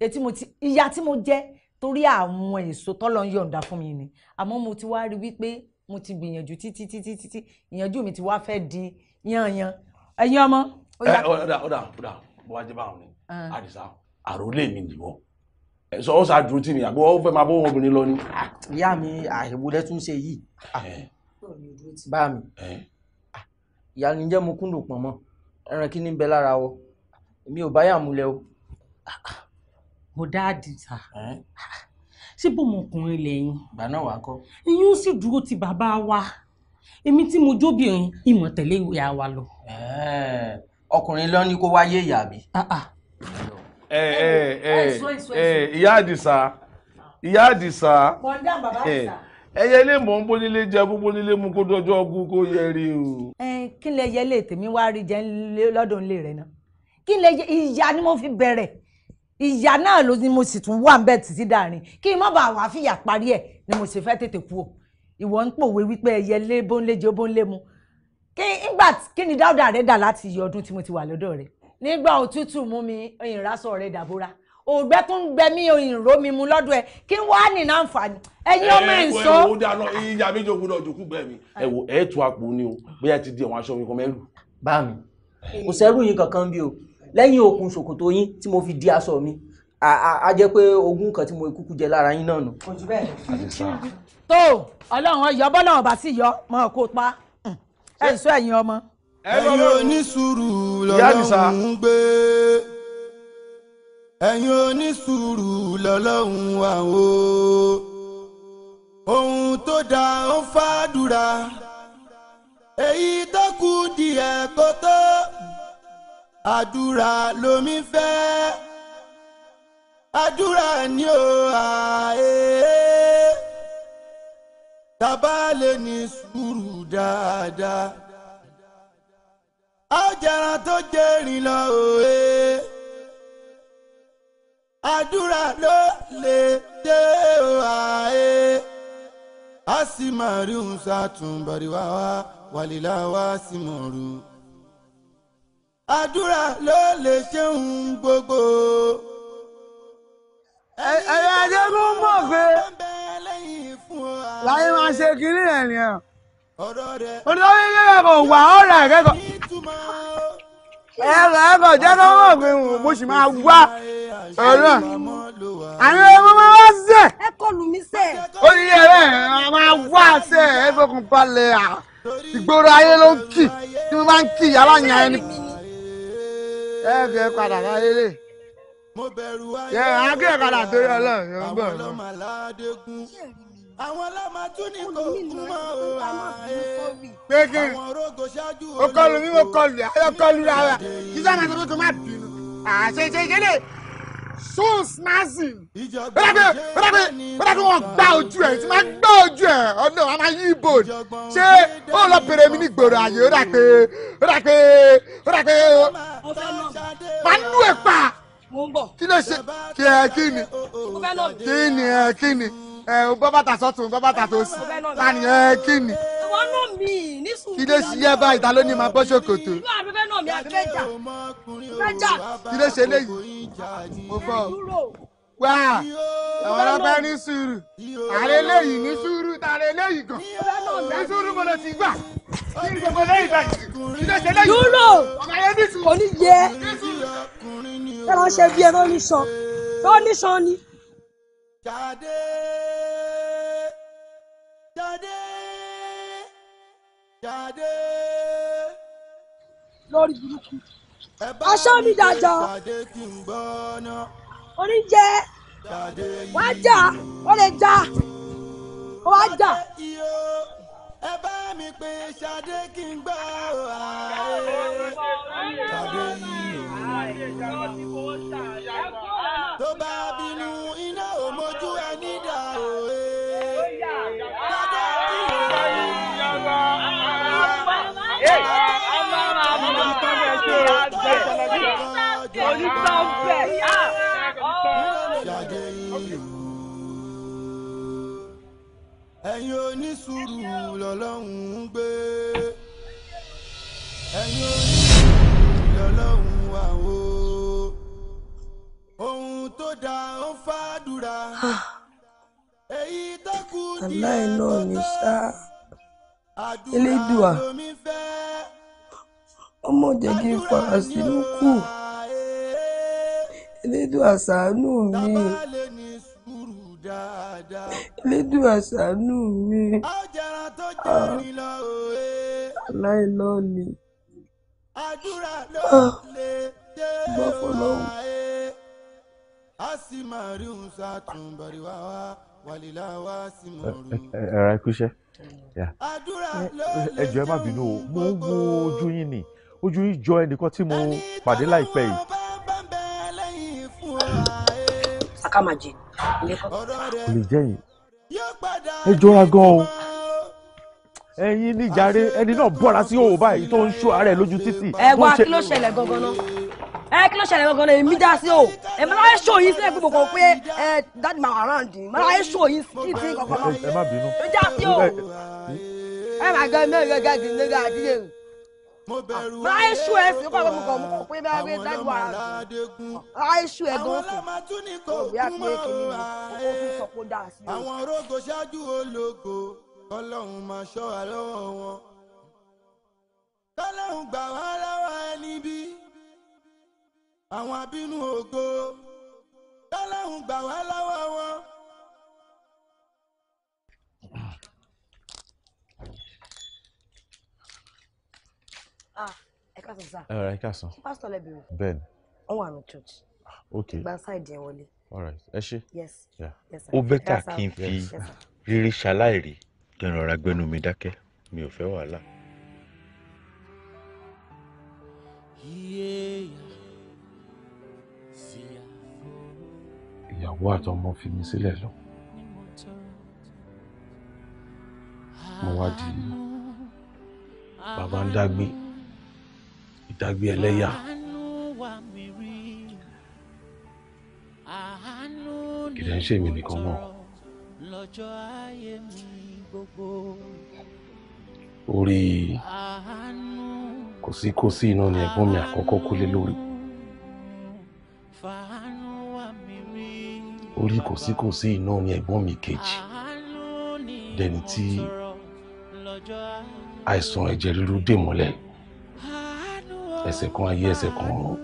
Speaker 2: ètí mo ti ìyá tí mo jẹ torí àwọn èso tọ́lọ́ ń yọ̀ǹda fún mi ni àmọ́ mo ti wá rí wípé mo ti gbìyànjú títí títí títí ìyànjú mi ti wá fẹ́ di yanyan ẹ̀yin ọmọ. ọ̀dà
Speaker 5: ọ̀dà ọ̀dà bó wá jẹ́ báwọn ni àdìsá ah. àròlé mi nìwọ ẹ̀sọ́ ó ṣáà dúró tì mí àbúrò ó fẹ́ máa bó wọn obìnrin lọ ni. Ah, ìyá mi àìwúlẹ̀ tún ṣe yìí ah,
Speaker 2: bá mi ìyá jẹ́ mo kúndùn pọ̀ mọ́ ẹran kí ni bẹ lára wọ èmi ò báyà múlẹ̀ o. mo dá àdìsá ṣé bọ́mọkùnrin lẹ́yìn. ìgbà náà wàá kọ́. iyún sì dúró ti bàbá wa èmi tí mo jóbìnrin ìmọ̀ ìyá wa lọ ọkùnrin ló ní kó wáyé ìyá mi.
Speaker 1: Ah, ah.
Speaker 5: eh, eh, ẹ eh, ẹ ẹ ẹ ìyá àdìsá ìyá àdìsá ẹyẹ ilé mọ̀ ń bónílé jẹ bó bónílé mu kó dọjọ́ ọgú kó yẹ rí o.
Speaker 2: kí n lè yẹ lè tèmi wá rí jẹ lọ́dọ̀ nílé rẹ̀ náà kí n lè yẹ ìyá ni mo fi bẹ̀rẹ̀ ìyá náà ló ni mo sì tún wà ń bẹ̀ títí dàrin kí n má bàa wá fìyà parí ẹ̀ ni mo sì fẹ́ tètè kú o ìwọ ń pòwe wípé ẹyẹ lé bóńlé jẹ bóńlé mu kí ngbà kí ni dáúdà rẹ dà láti iye ọdún tí mo ti wà lọ́dọ̀ rẹ nígbà òtútù mú mi ìrìnrasọ rẹ dàbóra ògbẹ́ tó ń gbẹ mí òyìnbó mi mu lọ́dún ẹ kí wọ́n á nì náà nfààní ẹ̀yin ọmọ ẹ̀ ń sọ. ẹ wo
Speaker 5: dáná ìyá méjì òkú náà jòkú gbẹ mi. ẹ wo ẹ tu àpò ni o bóyá ti di àwọn aṣọ mi kan mẹ́rù. bá mi kò sẹ́rù yín kankan
Speaker 2: bí o lẹ́yìn okùn ṣòkòtò yín tí mo fi di aṣọ mi a jẹ́ pé ogún kan tí mo kúkú jẹ lára yín náà nù. tó ọlọ́run ọyọ́ bọ́lá ọba sì yọ
Speaker 1: mọ́ ọ kó pa
Speaker 2: ẹ ń sọ ẹ̀yin ọmọ. ẹ̀yin onísùúrù
Speaker 1: lọ́lọ́run ń gbé ẹ̀yin onísùúrù lọ́lọ́run wà o ohun tó dáa ó fàdúrà èyí tó kù díẹ̀ kó tó àdúrà lomi fẹ́ àdúrà ni ó àyè tàbá ni suru dada, ajara a jẹran tó jẹrin lọ òye. àdúrà ló lè dé òhàyè. a sì máa rí òun ṣàtúnbọ̀rì wá wá wàlílà wá sí mọ̀rù. àdúrà ló lè ṣeun gbogbo. ẹ̀yà ẹ̀jẹ̀ mú mọ̀ pé láyé máa ṣe kiri ẹ̀ ni ẹ̀ ọ̀dọ́ mi kẹ́kọ̀ọ́ wà ọ̀rọ̀ ẹ̀kẹ́kọ̀ọ́ ẹ̀rọ ẹ̀kọ́ jẹ́ kó mọ̀ pé mo sì máa wá ọ̀rọ̀ àwọn ọmọ máa wá sẹ̀. ẹ kọlù mí sẹ̀. ó ní ẹ̀rọ ẹ̀ máa wá sẹ̀ ẹ fọkàn balẹ̀ à ìgboro ayé ló ń kì tí mo bá ń kì yàrá yàn ẹni. ẹ fi padà láyé lè yẹ ẹ á kí ẹ padà torí Ọlọ́run yọ ń bọ̀ àwọn alámàtún ní kò kún mọ́ o àwọn rogo ṣáájú olè. o kọlu mi o kọlu yà o kọlu yà wa sísan náà sọ́dọ̀ tó má bínú àṣẹ ṣe ìkéde soul smashing bẹ́ẹ̀ bẹ́ẹ̀ bẹ́ẹ̀ gbá ojú ẹ̀ tí máa gbá ojú ẹ̀ ọ̀nà àmà yí ibòd ṣé ó lọ bèrè mi ní gbòòrò àyè ó dà ó dà ó dà pé máa nú ẹ̀ pa kí ló ṣe kí ẹ kí ni kí ni ẹ kí ni ẹ bọ́ bàtà sọ́tún bọ́ bàtà tó sì tani ẹ kí ni. ìwọ náà yẹ báyìí ta ló bọ́ ṣòkòtò. ìlú ṣe léyìí mo bọ̀ wá àwọn ọlọ́pàá ní sùúrù àlẹ́ léyìí ní sùúrù tàlẹ́ léyìí gan
Speaker 8: ní sùúrù mo lọ ti gbà kí kò
Speaker 1: ní yẹ
Speaker 2: ẹ lọ ṣe ẹ lọ ní sàn lọ ní sàn ni.
Speaker 1: pàdé. lórí burúkú aṣọ mi dàjọ oníjẹ wàá jà ó lè jà ó jà. ẹ bá mi pè ṣadé kí n gbọ́ ààrẹ ṣadé yìí. ní tán bẹ́ẹ̀. ẹ̀yin onísùúrù lọ́lọ́run ń gbé ẹ̀yin onísùúrù lọ́lọ́run wà o ohun tó dáa ó fàdúrà èyí tó kù díẹ̀ tó
Speaker 4: tọ́ ọmọ jẹ́ kí kù. Elédùà ṣàánú mi. Elédùà ṣàánú mi. Eh. Aláìlọ́ọ̀lì. Ah. Gbọ́ fọlọ́hún.
Speaker 13: Ẹ ra ikú iṣẹ́. Eh, eh, ẹ jọ̀ọ́ ẹ má bínú o, mo ń wo ojú yín ni, ojú yín jọ ẹnìkan tí mo pàdé láìpẹ́ yìí.
Speaker 2: ká máa jẹ ilé kọ́. kò
Speaker 13: lè jẹ́ yìí ẹ jọra gan o ẹ̀yin níjàre ẹni náà bọ́ra sí òwò báyìí tó ń ṣó ara ẹ̀ lójú títì. ẹ wá kí ló ṣẹlẹ̀
Speaker 2: gangan náà ẹ kí ló ṣẹlẹ̀ gangan náà èmi dá sí o ẹ máa ń ṣó yín sí ẹgbẹ́ kankan pé ẹ dáàdì máa wà ráǹdì máa ń ṣó yín sí ti kankan náà
Speaker 13: ẹ má bínú ẹ dá sí o
Speaker 2: ẹ máa gbẹ mẹ́rin gẹ́gẹ́ gẹ́gẹ́ àdíyẹ
Speaker 1: ráìṣù ah, ẹ sí kọ́ mú kọ́ mú kọ́ pé bẹ́ẹ̀ gbé dájú ara ah, ráìṣù ẹ gan kò òbí àpé kìíní kókó fún sọpọ dà sí i. àwọn rogo ṣáájú ológo kọlọ́hún máa ṣọ́ wa lọ́wọ́ wọn kọlọ́hún gbà wá lọ́wọ́ ẹni bí àwọn abínú ògo kọlọ́hún gbà wá lọ́wọ́ wọn.
Speaker 2: Ah, ẹ káàsán sá. ẹ ẹ káàsán. pásítọ̀ lẹ́bìrì. bẹ́ẹ̀ni. wà ní church. Ah, ok gba ṣáìdì yẹn wọlé.
Speaker 4: alright
Speaker 13: ẹ ṣe. yes
Speaker 4: yes sir. ó bẹ́tà kí n fi
Speaker 13: rírí ṣaláìrí kí n rọra gbẹnu mi dákẹ́ mi ò fẹ́ wàhálà. ìyàwó àtọmọ fi mi
Speaker 5: sílẹ̀ lọ
Speaker 3: mo wá di bàbá ń
Speaker 5: dágbé dàbí ẹlẹ́yà.
Speaker 3: kì í ṣe èmi nìkan mọ́.
Speaker 5: orí kòsíkòsí iná ni ẹ̀gbọ́n mi àkọ́kọ́ kú lé lórí. orí kòsíkòsí iná ni ẹ̀gbọ́n mi kejì dẹni tí àìsàn ẹ̀jẹ̀ ríru dè mọ́lẹ̀ ẹsẹ̀ kan ayé ẹsẹ̀ kan ọ̀run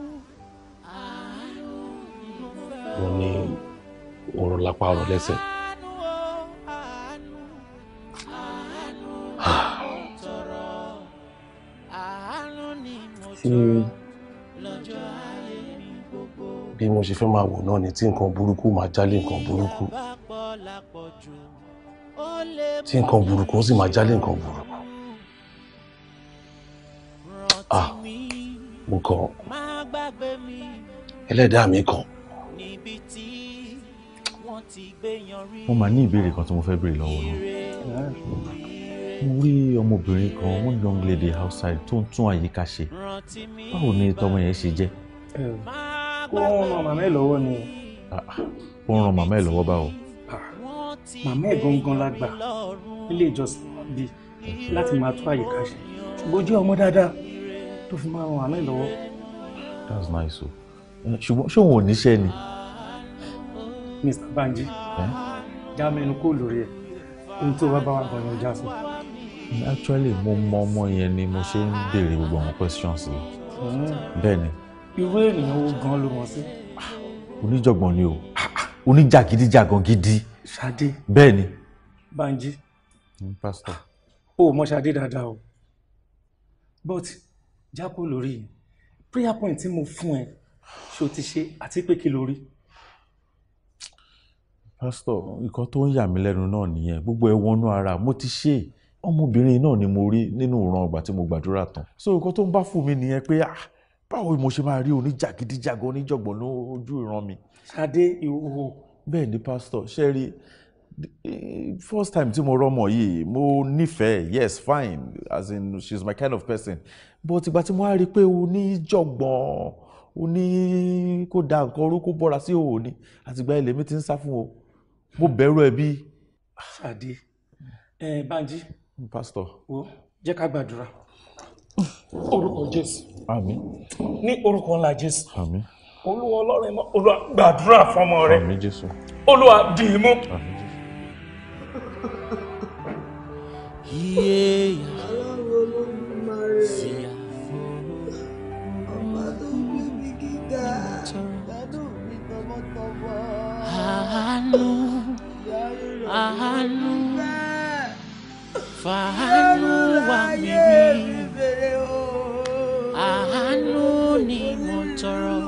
Speaker 5: wọn ní ọ̀rọ̀ lápá
Speaker 6: ọ̀rọ̀
Speaker 3: lẹ́sẹ̀. tí
Speaker 5: bí mo ṣe fẹ́ máa wò náà ni tí nǹkan burúkú máa jálé nǹkan burúkú tí nǹkan burúkú ó sì máa jálé nǹkan burúkú. mo kọ̀ ẹlẹ́dàá mi kọ̀
Speaker 13: mo máa ní ìbéèrè kan tí mo fẹ́ béèrè lọ́wọ́ náà mo rí ọmọbìnrin kan one young lady outside tó ń tún àyíká ṣe báwo ni tọmọ yẹn ṣe jẹ́.
Speaker 10: ó ń ran màmá ẹ lọ́wọ́ ni. Ah,
Speaker 13: ó ń ran màmá ẹ lọ́wọ́ báwo. Ah,
Speaker 10: màmá ẹ gangan la gbà nílé ìjọsìn bíi láti máa tún àyíká ṣe ṣùgbọ́n ó jẹ́ ọmọ dáadáa tó fi máa ràn àlẹ́ lọ́wọ́.
Speaker 13: that's nice o ṣùgbọ́n ṣé òun ò níṣẹ́ ni.
Speaker 10: Mr. Banji já mẹ́nu kó lórí ẹ̀ ohun tó bá bá wà gan-an já sí. actually
Speaker 13: mo mọ ọmọ yẹn ni mo ṣe ń béèrè gbogbo àwọn questions yìí. Hmm. bẹ́ẹ̀ ni.
Speaker 10: irú ènìyàn wo gan-an ló mọ̀ sí.
Speaker 13: oníjọ̀gbọ̀n ni o oníjàgídíjàgan gidi. Ṣadé. bẹ́ẹ̀ ni. Banji. Hmm, pásítọ̀.
Speaker 10: o mọ Ṣadé dáadáa o but jákò lórí prayer point tí mo fún ẹ ṣé o ti ṣe àti pé kí lórí.
Speaker 13: pásítọ̀ nǹkan tó ń yà mí lẹ́nu náà nìyẹn gbogbo ẹ wọnú ara mo ti ṣe ọmọbìnrin náà ni mo rí nínú ìran ọgbà tí mo gbàdúrà tán so nǹkan tó ń bá fún mi nìyẹn pé ah báwo mo ṣe máa rí oníjàgídíjàgan oníjọ̀gbọ̀n lójú ìran mi. Ṣadé ìhòòhò. bẹ́ẹ̀ ni pásítọ̀ ṣe rí i first time tí mo rọmọ yìí mo nífẹ̀ẹ́ yes fine as in she's my kind of person but ìgbà tí mo wá rí i pé o ní jọ̀gbọ̀n o ní kó da nǹkan oró kó bọ́ra sí òun ni àtìgbà ilé mi ti ń sá fún o mo bẹ̀rù ẹbí.
Speaker 10: ṣáàdì ẹ Bánjí. pásítọ̀. wo jẹ́ ká gbàdúrà orúkọ Jésù. àmín. ní orúkọ ńlá Jésù. àmín. olúwa ọlọ́run olúwa gbàdúrà fọmọ rẹ. àmín Jésù. olúwa dì í
Speaker 4: mú. àmín èèyàn fìyà ọba tó gbé mi gíga dánú mi tọmọtọmọ. àánú
Speaker 3: àánú fàánú wà mí rí àánú ni mo tọrọ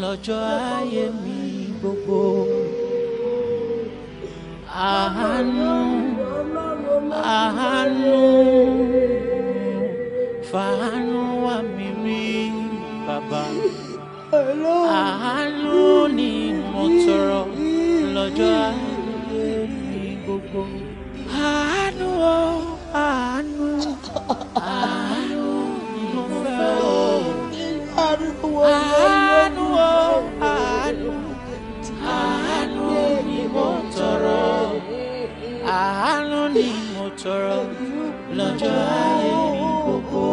Speaker 3: lọ́jọ́ ayé mi gbogbo àánú àánú fàánú wà mí rí bàbá àánú ni mo tọrọ lọ́jọ́ àmì gbogbo àánú o àánú àánú ni mo fẹ́ o àánú o àánú àánú ni mo tọrọ àánú ni tọrọ lọ́jọ́ ayé mi gbogbo.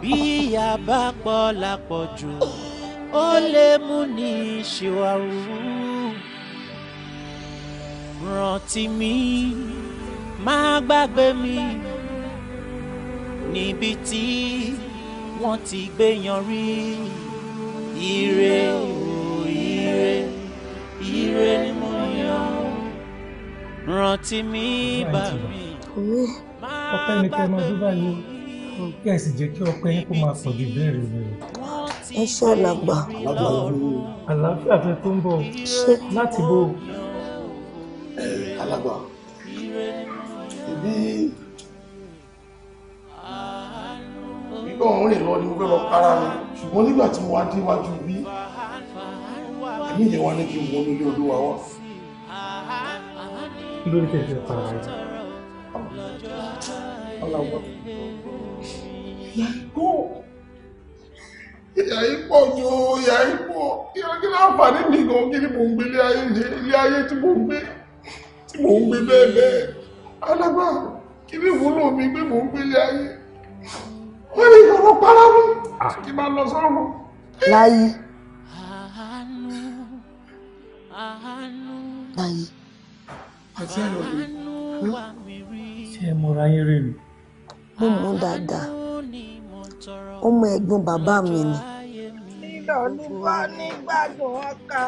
Speaker 3: Bí ìyà bá pọ̀ lápọ̀jù, ó lè mú ní ṣìwàwù. Rántí mi, má gbàgbé mi níbi tí wọ́n ti gbé yan rí. Ire o ire, ire ni mo rántí mi bá mi.
Speaker 10: ọpẹ́ ni kẹ́ ẹ máa dúbà yìí o kí ẹ sì jẹ́ kí ọpẹ́ yín kó máa pọ̀ bí bẹ́ẹ̀ rẹ̀ rẹ̀.
Speaker 4: ẹ ṣe àlàgbà.
Speaker 10: àlàáfíà fẹ́ tó ń bọ̀ láti bò. àlàgbà ìbí
Speaker 5: bíbọ̀ òun lè lọ ni mo fẹ́ lọ para mi ṣùgbọ́n nígbà tí mo wá déwájú bí ẹ̀mí yẹn wá ní kí n wọnú ilé olúwa wá
Speaker 10: kí ló ní kẹsì para rẹ. ọlọ́wọ́
Speaker 3: yàgò
Speaker 8: ìyá yìí pọ̀ ju ìyá yìí pọ̀ kí ló àǹfààní mi gan kí ni mò ń bumbi ilé ayé ṣe ilé ayé bumbi mò ń gbé tí mò ń gbé bẹ́ẹ̀ bẹ́ẹ̀ alágbà kí ni ìwúlò mi pé mò ń gbé ilé ayé wọ́n ní ìfọ̀rọ̀ para mi
Speaker 4: kí àti àlọ́lẹ̀ ṣé ẹ mọra
Speaker 10: mo mọ dáadáa
Speaker 4: ọmọ ẹ̀gbọ́n bàbá
Speaker 1: mi ni. lílọ nípa nígbàdùn ọkà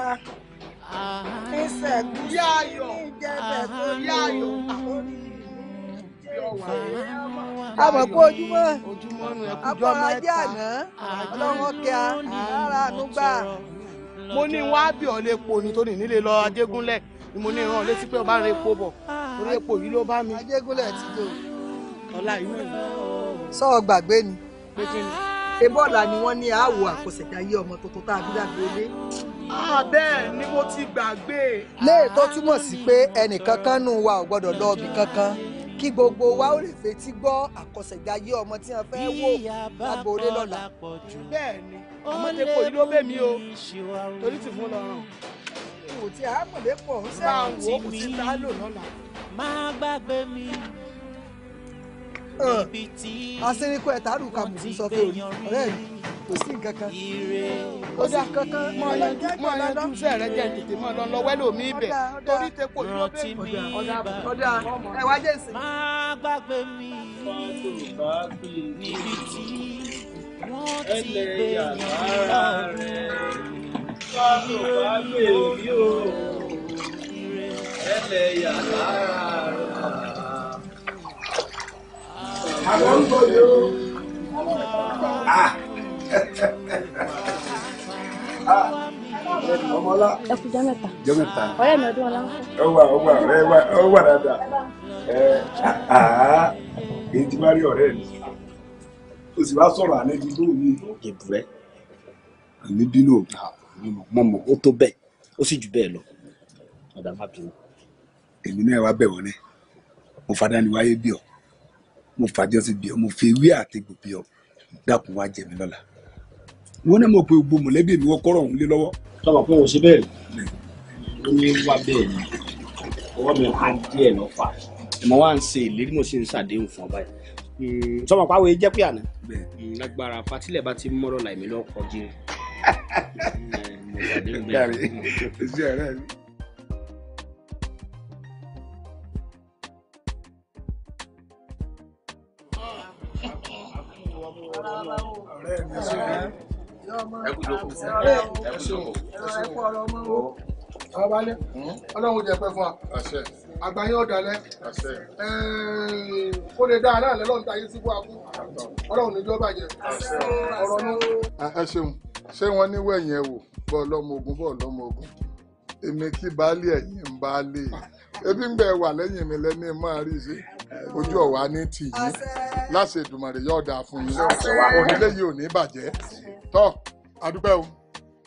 Speaker 1: nísẹ̀gùn yáyọ̀ níjẹ̀bẹ̀ tó yáyọ̀ àkórí a mọ̀ ojúmọ́ abọ́ra jẹ́ àná
Speaker 7: ọlọ́wọ́ kẹ́ àárá àánú gbà. mo ní wá bí ọ̀lẹ́ pò ní tó nílé
Speaker 4: lọ ajégúnlẹ̀ ni mo ní ìran létí pé ọba rẹ epo bọ̀ orí epo yìí ló bá mi. ajégúnlẹ̀ ti
Speaker 2: dò. ọ̀la inú ìlú. sọ gbàgbé ni. pé kí ni. ebọ́ọ̀là ni wọ́n ní àwọ̀ àkọsẹ̀dá yé ọmọ tuntun tá a bí dàbí olé. bẹ́ẹ̀ ni mo ti gbàgbé. léè tó túmọ̀ sí pé ẹnìkankan nù wa ò gbọ́dọ̀ lọ ibì kankan kí gbogbo wa ó lè fetí gbọ́ àkọsẹ̀dá yé ọmọ tí wọ́n fẹ́ wò lágbóore lọ́la.
Speaker 1: bẹ́ẹ̀ ni àmọ́tẹ́kọ̀ yìí ló bẹ̀ mí o
Speaker 3: torí ti fún lọ́rùn ìwò tí àámọ̀lẹ́ pọ̀ ń sẹ́yìn wò kò sí a lò lọ́la. má gbàgbé mi ibi tí asínrínkù ẹ̀ tààrù kàmùkù sọ pé ọ̀rẹ́ mi
Speaker 1: kò sí nǹkan kan ó dá kankan mọ yanjú mọ yanjú iṣẹ́ rẹ jẹ tètè mọ lọ
Speaker 2: lọ́wọ́ lómi ibẹ̀
Speaker 3: torí tẹ kò yọ bẹ́ẹ̀ ọdà ọdà ẹ wá jẹ ìsìn. má gbàgbé mi níbi tí wọ́n ti gbé yàrá rẹ̀ àwọn
Speaker 8: ń bọ̀ yìí o.
Speaker 4: ọmọlá. ẹ kú jẹ mẹ́ta. jẹ mẹ́ta. Ah, ah, ọ̀rẹ́ mi ọdún ọlá ń fọ.
Speaker 8: ó wà ó wà ọ̀rẹ́ wà ó wà èyí ti bá rí ọ̀rẹ́ mi o sì wá sọ̀rọ̀ àná ibi tó yìí. ìbúrẹ́
Speaker 7: àmì bínú mo mọ̀ ó tó bẹ́ẹ̀ ó sì jù bẹ́ẹ̀ lọ ọ̀dà má bínú.
Speaker 8: èmi náà wá bẹ̀ wọ́n ní mo fadá ni wáyé bí ọ mo fàjọ sí bí ọ mo fi ewé àtẹgbò bí ọ dákun wá jẹ mí lọ́la wọn náà mọ̀ pé gbogbo mọ̀lẹ́bí mi wọ́n kọ́rọ̀ ọ̀hún lé lọ́wọ́. tọ́wọ́ pé o ṣe bẹ́ẹ̀
Speaker 7: ló ní wá bẹ́ẹ̀ ni ọwọ́ mi á díẹ̀ lọ́fà mo wá ń ṣe ìlérí mo sì ń ṣàdéhùn fún ọ báyìí sọmọ hmm, pàwọ yìí jẹ pé àná hmm, lágbára fatilẹ bá ti mọrọ
Speaker 8: làìmí lọkọ [laughs] Gàrí, èsì ọ̀rẹ́ mi. Hmm? Ọlọ́run jẹ́ pẹ́ fún wa àgbáyé ọ̀dàlẹ̀ kó lè dá aláàlẹ lọ́run táyé síbú àbú Ọlọ́run níjọba jẹ ọ̀rọ̀ náà. ẹ ṣeun ṣé wọn níwẹ̀ yẹn wò bọ́ ọlọ́mọ ogun bọ́ ọlọ́mọ ogun èmi kí baálé ẹ̀yìn ń baálé ebi ń bẹ wà lẹ́yìn mi lẹ́ni máa rí ṣe ojú ọ̀wá ní tìyín láṣẹ Èdùmàrè yóò dáa fún yín onílé yìí ò ní bàjẹ́ tọ́ adúpẹ́ o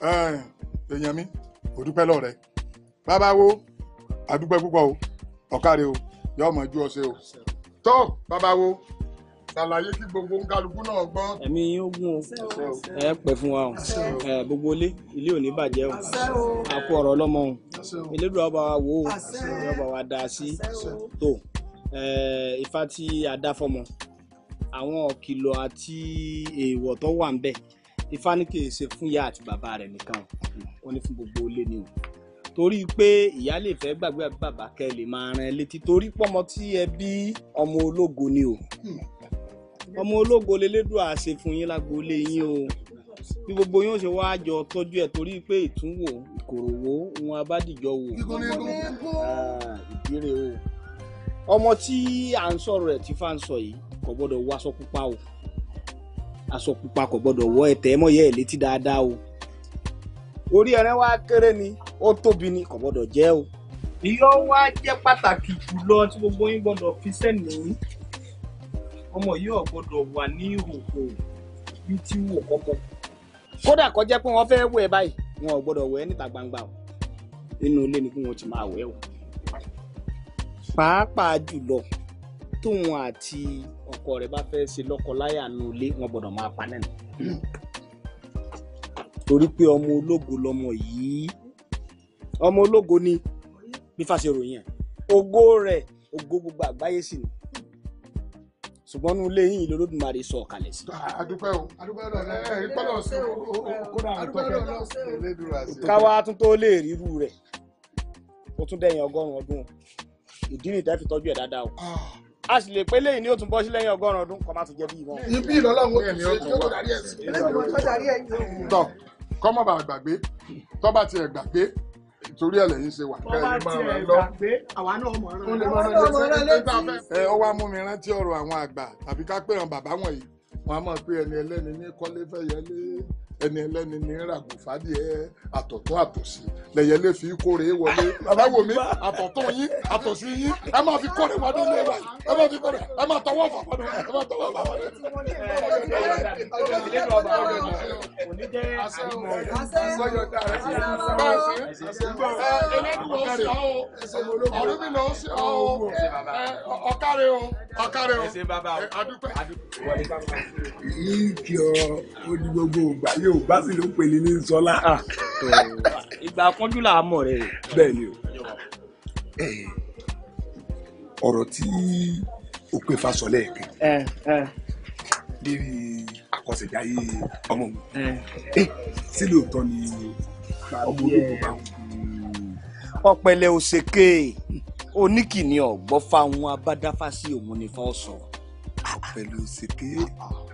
Speaker 8: èèyàn mi òdúpẹ́ lọ́rẹ́ bàbá wo adúpẹ́ púpọ̀ o ọ̀káre o yóò mọ̀ ju ọ̀sẹ̀ o tọ́ bàbá wo ṣàlàyé kí gbogbo kálukú náà gbọ́. ẹ̀mí yín ó gùn o
Speaker 7: ẹ pẹ́ fún wa o gbogbo ilé ilé ò ní bàjẹ́ o a kú ọ̀rọ̀ ọlọ́mọ o elédùn ọba wa wò ó ọba wa dá sí tó ifá tí a dá fọmọ àwọn ọ̀kìlọ̀ àti èèwọ̀ tó wà ń bẹ̀ ifá ní kì í ṣe fún ìyá àti bàbá rẹ̀ nìkan ó ní fún gbogbo ilé ni o torí pé ìyá lè fẹ́ gbàgbé bàbá kẹ́ lè máa rán ẹ létí torí pọ́mọ tí ẹ bí ọmọ ológo ni o. Hmm ọmọ ológo lelédùn àṣẹ fún yín lágboolé yín o bí gbogbo yín ó ṣe wáá jọ tọ́jú ẹ̀ torí pé ìtúnwò ìkòròwò wọn abádìjọ wò ìdíre o ọmọ tí à ń sọ̀rọ̀ ẹ̀ tí fà ń sọ yìí kò gbọ́dọ̀ wọ aṣọ pupa o aṣọ pupa kò gbọ́dọ̀ wọ ẹ̀tẹ̀ mọ́yẹ́ ẹ̀ létí dáadáa o orí ẹran wa kéré ni ó tóbi ni kò gbọ́dọ̀ jẹ́ o ìyọ́ wa jẹ́ pàtàkì jùlọ tí gbogbo yín gbọ́dọ̀ fi sẹ́nìí ọmọ yìí ò gbọ́dọ̀ wà ní ìhòòhò bí tí wò kọ́kọ́. kódà kó jẹ́ pé wọ́n fẹ́ wẹ̀ báyìí wọn ò gbọ́dọ̀ wẹ̀ níta gbangba o inú ilé ni kí wọ́n ti máa wẹ̀ o. pàápàá jùlọ tóun àti ọkọ rẹ̀ bá fẹ́ ṣe lọ́kọ-láyà nù ilé wọn gbọ́dọ̀ máa pa náà torí pé ọmọ ológo lọmọ yìí ọmọ ológo ni bí fàṣẹ ròyìn ẹ ògo rẹ̀ ògo gbogbo àgbáyé sì ni ṣùgbọ́n nínú ilé yìí lÓlódùmarè sọ kalẹ̀ sí. àdúpẹ́ ah, o
Speaker 8: àdúpẹ́ o ẹ ẹ ìpọ́lọ̀ sí kódà àtọ́kẹ́ káwá
Speaker 7: tún tó lè ríru rẹ̀ ó tún dẹ̀yìn ọgọ́rùn-ún ọdún ìdí nìyí tẹ́ fi tọ́jú ẹ̀ dáadáa o ah. a sì lè
Speaker 8: pé lẹ́yìn ni ó tún bọ́ sí lẹ́yìn ọgọ́rùn-ún ọdún kọ́ má tún jẹ́ bí ìwọ̀n. ibi ìlọ́lọ́wọ́ ẹ̀mí ọkùn wa tọ́ kọ́mọ̀ bàgbàgbé tọ́ bá tiẹ̀ gbàgbé torí ẹ̀ lẹ́yìn ṣe wà kẹ́yìn máa ràn lọ. àwa náà mọ̀ ọ́n rán létí. ẹ ọ wá mú mi rántí ọ̀rọ̀ àwọn àgbà tàbí ká pè hàn bàbá wọ̀nyí wọn a máa pe ẹni ẹlẹ́ni ní kọ́lé fẹ́yẹlé ẹni ẹlẹ́ni ní ràgùnfàdì ẹ àtọ̀tún àtòsí lẹ̀yẹlé fi kóre wọlé ẹwọ mi àtọ̀tún yín àtòsí yín ẹ máa fi kóre wọlé ilé wa ẹ máa fi kóre ẹ máa tọwọ́ fà wọlé ẹ máa tọwọ́ fà wọlé.
Speaker 1: ọdún o
Speaker 8: ọkàrẹ o adúpẹ́. ìjọ odi gbogbo ògbà Yorùbá sì ló pèlè ní Sọlá. Ah, ìgbà kọjú là á mọ̀ rẹ̀. bẹ́ẹ̀ni o eh, ọ̀rọ̀ tí òpè Fasọlẹ̀ kan eh, eh. lérí àkọsẹ̀jáyé ọmọ mi sí lóòótọ́ ni ọmọ olóko bá ń kú.
Speaker 7: ọ̀pẹ̀lẹ̀ òṣèké oníkìní ọgbọ fáwọn abádáfásí òun ni fọ sọ. pẹ̀lú òsèké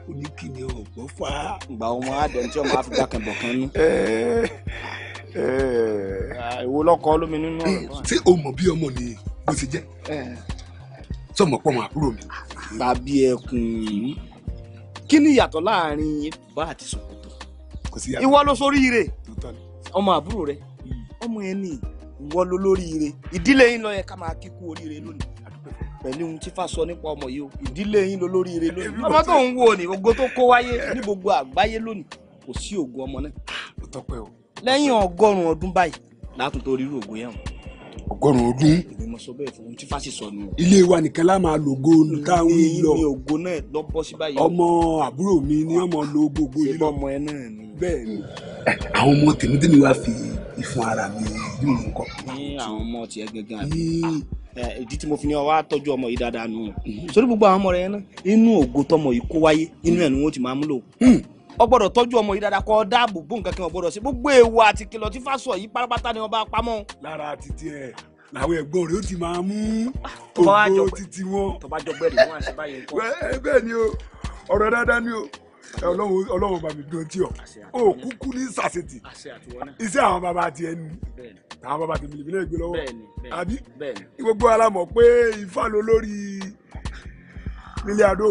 Speaker 7: oníkìní ọ̀gbọ́n fà. ìgbà ọmọ adẹ̀ni tí ọmọ áfíríkà kẹ̀bọ̀ kan ní. ìwo lọkọ olómi nínú ọ̀rọ̀. Eh,
Speaker 8: ṣé o mọ̀ bí ọmọ ni bó ti jẹ́ sọmọ pọ̀ àbúrò mi.
Speaker 7: tàbí ẹkùn kí ni ìyàtọ̀ láàrin bá àti ìwọ ló rẹ hmm. ọmọ ẹni ìwọ ló ìdílé yín yẹ ká pẹ̀lú ohun tí Ifá sọ nípa ọmọ yìí o ìdílé yín ló lórí lónìí. ọmọ tó ń wo ni ògo tó kó wáyé ní gbogbo àgbáyé lónìí kò sí ògo ọmọ náà. lẹ́yìn ọgọ́rùn-ún ọdún báyìí látún tó rírú ògo yẹn o.
Speaker 8: ọgọ́rùn-ún ọdún. èmi mo sọ bẹ́ẹ̀ fún ohun tí Ifá sì sọ nù. ilé wa nìkan lá máa lògo táwọn yìí lọ. ilé ògo náà lọ bọ́ sí báyìí. ọmọ àbúrò mi ni ọmọ lo gbogbo yìí lọ. ọmọ ẹ
Speaker 7: ọmọ Eh, ìdí tí mo fi ní ọwọ́ àtọ́jú ọmọ yìí dáadáa nù. Mhm. sórí gbogbo àwọn ọmọ rẹ náà inú ògo tọmọ yìí kó wáyé inú ẹ̀ ni wọ́n ti máa múlò. o hmm. gbọ́dọ̀ tọ́jú ọmọ yìí dáadáa kó dáàbò nǹkan sí gbogbo èèwọ̀ àti kìlọ̀ tí fásọ yìí pátápátá ni ọba pamọ́. lára ẹ
Speaker 8: làwọn rẹ ó ti máa mú ògo títí wọn. ọlọ́run ọlọ́run bá mi dùn tí ọ o kúkú ní sàṣetì iṣẹ́ àwọn bàbá tiẹ̀ ni àwọn bàbá tèmi lèmi náà gbé lọ́wọ́ àbí gbogbo alamọ̀ pé ifá ló lórí nílé adó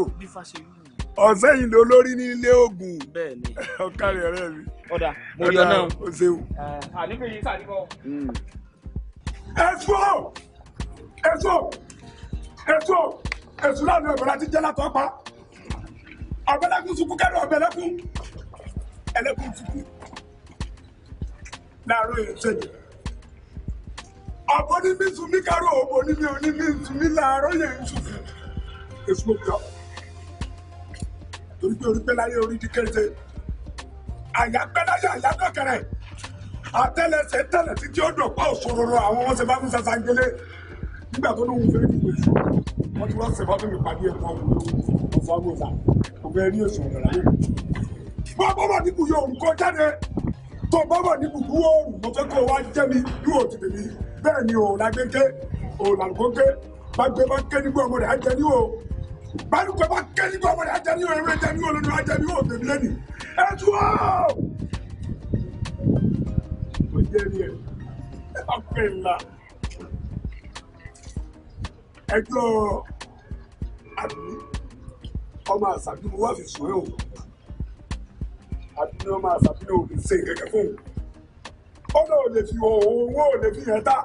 Speaker 8: ọ̀sẹ̀ yìí ló lórí nílé ogun ọ̀kárí ọ̀rẹ́ mi ọ̀dà mo yọ náà eh, hmm. o ṣeun. àníkè yìí sàdíkọ. ẹ̀sùn ẹ̀sùn ẹ̀sùn ẹ̀sùn láti ọ̀bẹ̀rẹ̀ àti jẹ́lá tó pa ọ̀bẹ̀lẹ́kùn sunkún kẹ́rù ọ̀bẹ̀lẹ́kùn ẹlẹ́kùn sunkún láàárọ̀ yẹn sẹ́yìn ọ̀bọ̀ ní mi sùn mí kẹ́rù ọ̀bọ̀ ní mi ò ní mi sùn mí láàárọ̀ yẹn sùn èso kọ́ torí pé orí pẹ́láyé orí di kéde àyàpẹ́láyé àyàdọ́kẹrẹ àtẹlẹsẹ tẹlẹ títí ó dọ̀pá òṣòroro àwọn wọn ṣe bá fún sasangele nígbà tó lóun fẹ́ẹ́ dùn èso wọn ti wọ́n ṣe bá fún mi pàdé ẹ̀kọ́ ọ̀hún lọ́wọ́ ọ̀fọ̀ àgbọ̀ta gbogbo ẹrí òṣùwọ̀n rà yìí. bá a bá wà níbù yóò rùn kọ jáde tó bá wà níbù dúró òrùn mo fẹ́ kó o wá jẹ́ mi yóò ti tèmi bẹ́ẹ̀ ni òun lágbèké òun làlùkọ́ké bá gbé bá ké nígbà ọmọ rẹ̀ á o bá gbé bá ké nígbà ọmọ rẹ̀ á o ewé jẹ ní o lónìí á jẹ o tèmi lẹ́nu ẹ tú o. o jẹ́ rí ẹ ẹ bá pè ńlá ẹjọ́ àbí ọmọ àṣàbí mo wá fi sùn ẹ́ o àbí ọmọ àṣàbí náà ò fi ṣe kẹ̀kẹ́ fún un ó náà ò lè fi owó ò lè fi yàn tá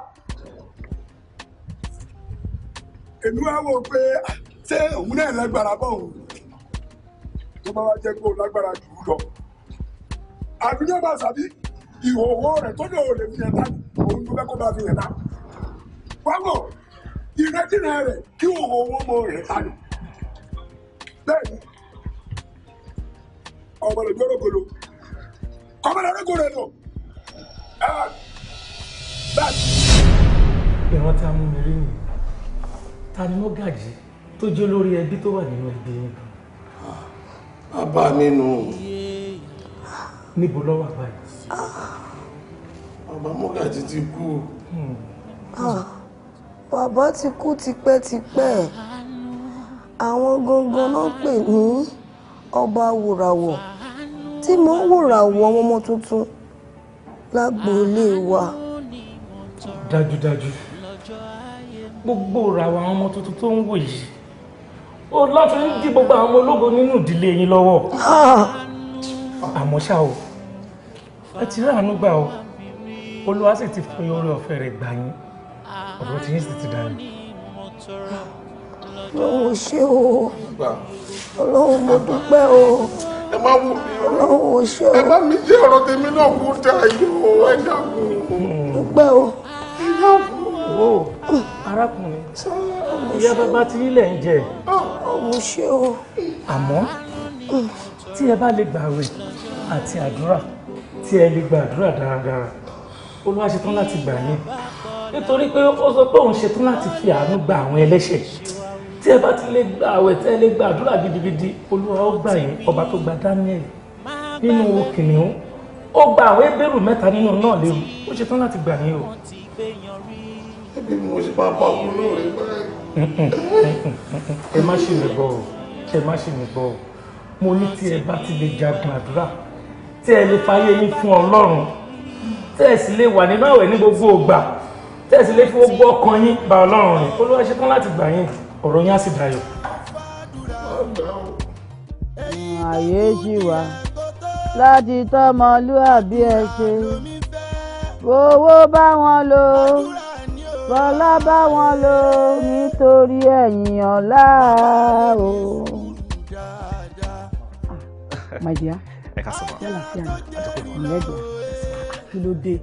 Speaker 8: èmi wá wò pé ṣé òun náà lágbára bọ̀ òun tó bá wá jẹ́ pé òun lágbára jù ú lọ àbí ọmọ àṣàbí ìhòòhò rẹ̀ tó náà ò lè fi yàn tá òun tó fẹ́ kó bá fi yàn tá wá wò ìrẹ́jìnà rẹ̀ kí òun owó mọ̀ rẹ̀ tá nù bẹ́ẹ̀ni ọmọ lè gbọ́dọ̀ gbọ́dọ̀
Speaker 10: ọmọ lè gbọ́dọ̀ lọ bẹ́ẹ̀ni. ìran tá a mú mi rí nìyí ta ni mọ́gàjì tó jẹ́ olórí ẹbí tó wà nínú ẹbí yín kan.
Speaker 5: bàbá mi nù. níbo lọ́wọ́ àbá yìí. bàbá mọ́gàjì ti kú.
Speaker 10: Hmm.
Speaker 4: Ah, bàbá ti kú tipẹ́tipẹ́ àwọn gangan náà pè ní ọba wòràwọ̀ tí mo ń wòràwọ̀ àwọn ọmọ tuntun lágboolé wa.
Speaker 10: dájúdájú gbogbo ràwọ̀ àwọn ọmọ tuntun tó ń wò yìí ó láti ń di gbogbo àwọn ọmọ ológo nínú ìdílé yín lọ́wọ́ ah! àmọ́ ṣá o ẹ ti rí àánú gbà o olúwa sì ti fún yín orí ọ̀fẹ́ rẹ̀ gbà yín ọ̀rọ̀ tí yín sì ti dà yín
Speaker 4: ọlọ́run ṣe o ọlọ́run mo dúpẹ́ o ẹ má wù mí o ọlọ́run ṣe o
Speaker 10: ẹ bá mi jẹ́ ọ̀rọ̀ tèmi náà kú tẹ ayé o ẹ dàgbọ́ dúpẹ́ o ẹ
Speaker 4: dàgbọ́
Speaker 10: o arákùnrin ìyá bàbá tí ilẹ̀ ń jẹ
Speaker 3: ọlọ́run ṣe o
Speaker 10: àmọ́ tí ẹ bá lè gbààwẹ̀ àti àdúrà tí ẹ lè gbàdúrà dáradára olúwa ṣetán láti gbà yín nítorí pé ó sọ pé òun ṣetán láti fi àánú gba àwọn ẹlẹ́ṣẹ̀ tí ẹ bá ti lè gba àwẹ̀ tẹ́ lè gba àdúrà gidigidi olúwa ó gbà yín ọba tó gba Daniel nínú kìnìún ó gba àwọn ebéèrú mẹ́ta nínú náà lérò ó ṣe tán láti gbà yín o.
Speaker 8: ẹbí mi ò ṣe máa pa kú lóore
Speaker 10: báyìí. ẹ má ṣe mi bọ̀ ẹ má ṣe mi bọ̀ mo ní tí ẹ bá ti lè jagun àdúrà tí ẹ lè fayé yín fún Ọlọ́run tí ẹ sì lè wà nínú àwẹ̀ ní gbogbo ògbà tí ẹ sì lè fi gbogbo ọkàn yín bá Ọlọ́run rìn olúwa ṣe tán láti gbà yín ọ̀rọ̀ yín á sì dayọ̀.
Speaker 2: ààyè ṣì wà láti tọmọlúàbí ẹ ṣe owó bá wọn lò bọlá bá wọn lò nítorí ẹ̀yìn ọ̀la o. Ah, my dear yálà sí àná ìlẹ́gbẹ̀ẹ́ kí ló dé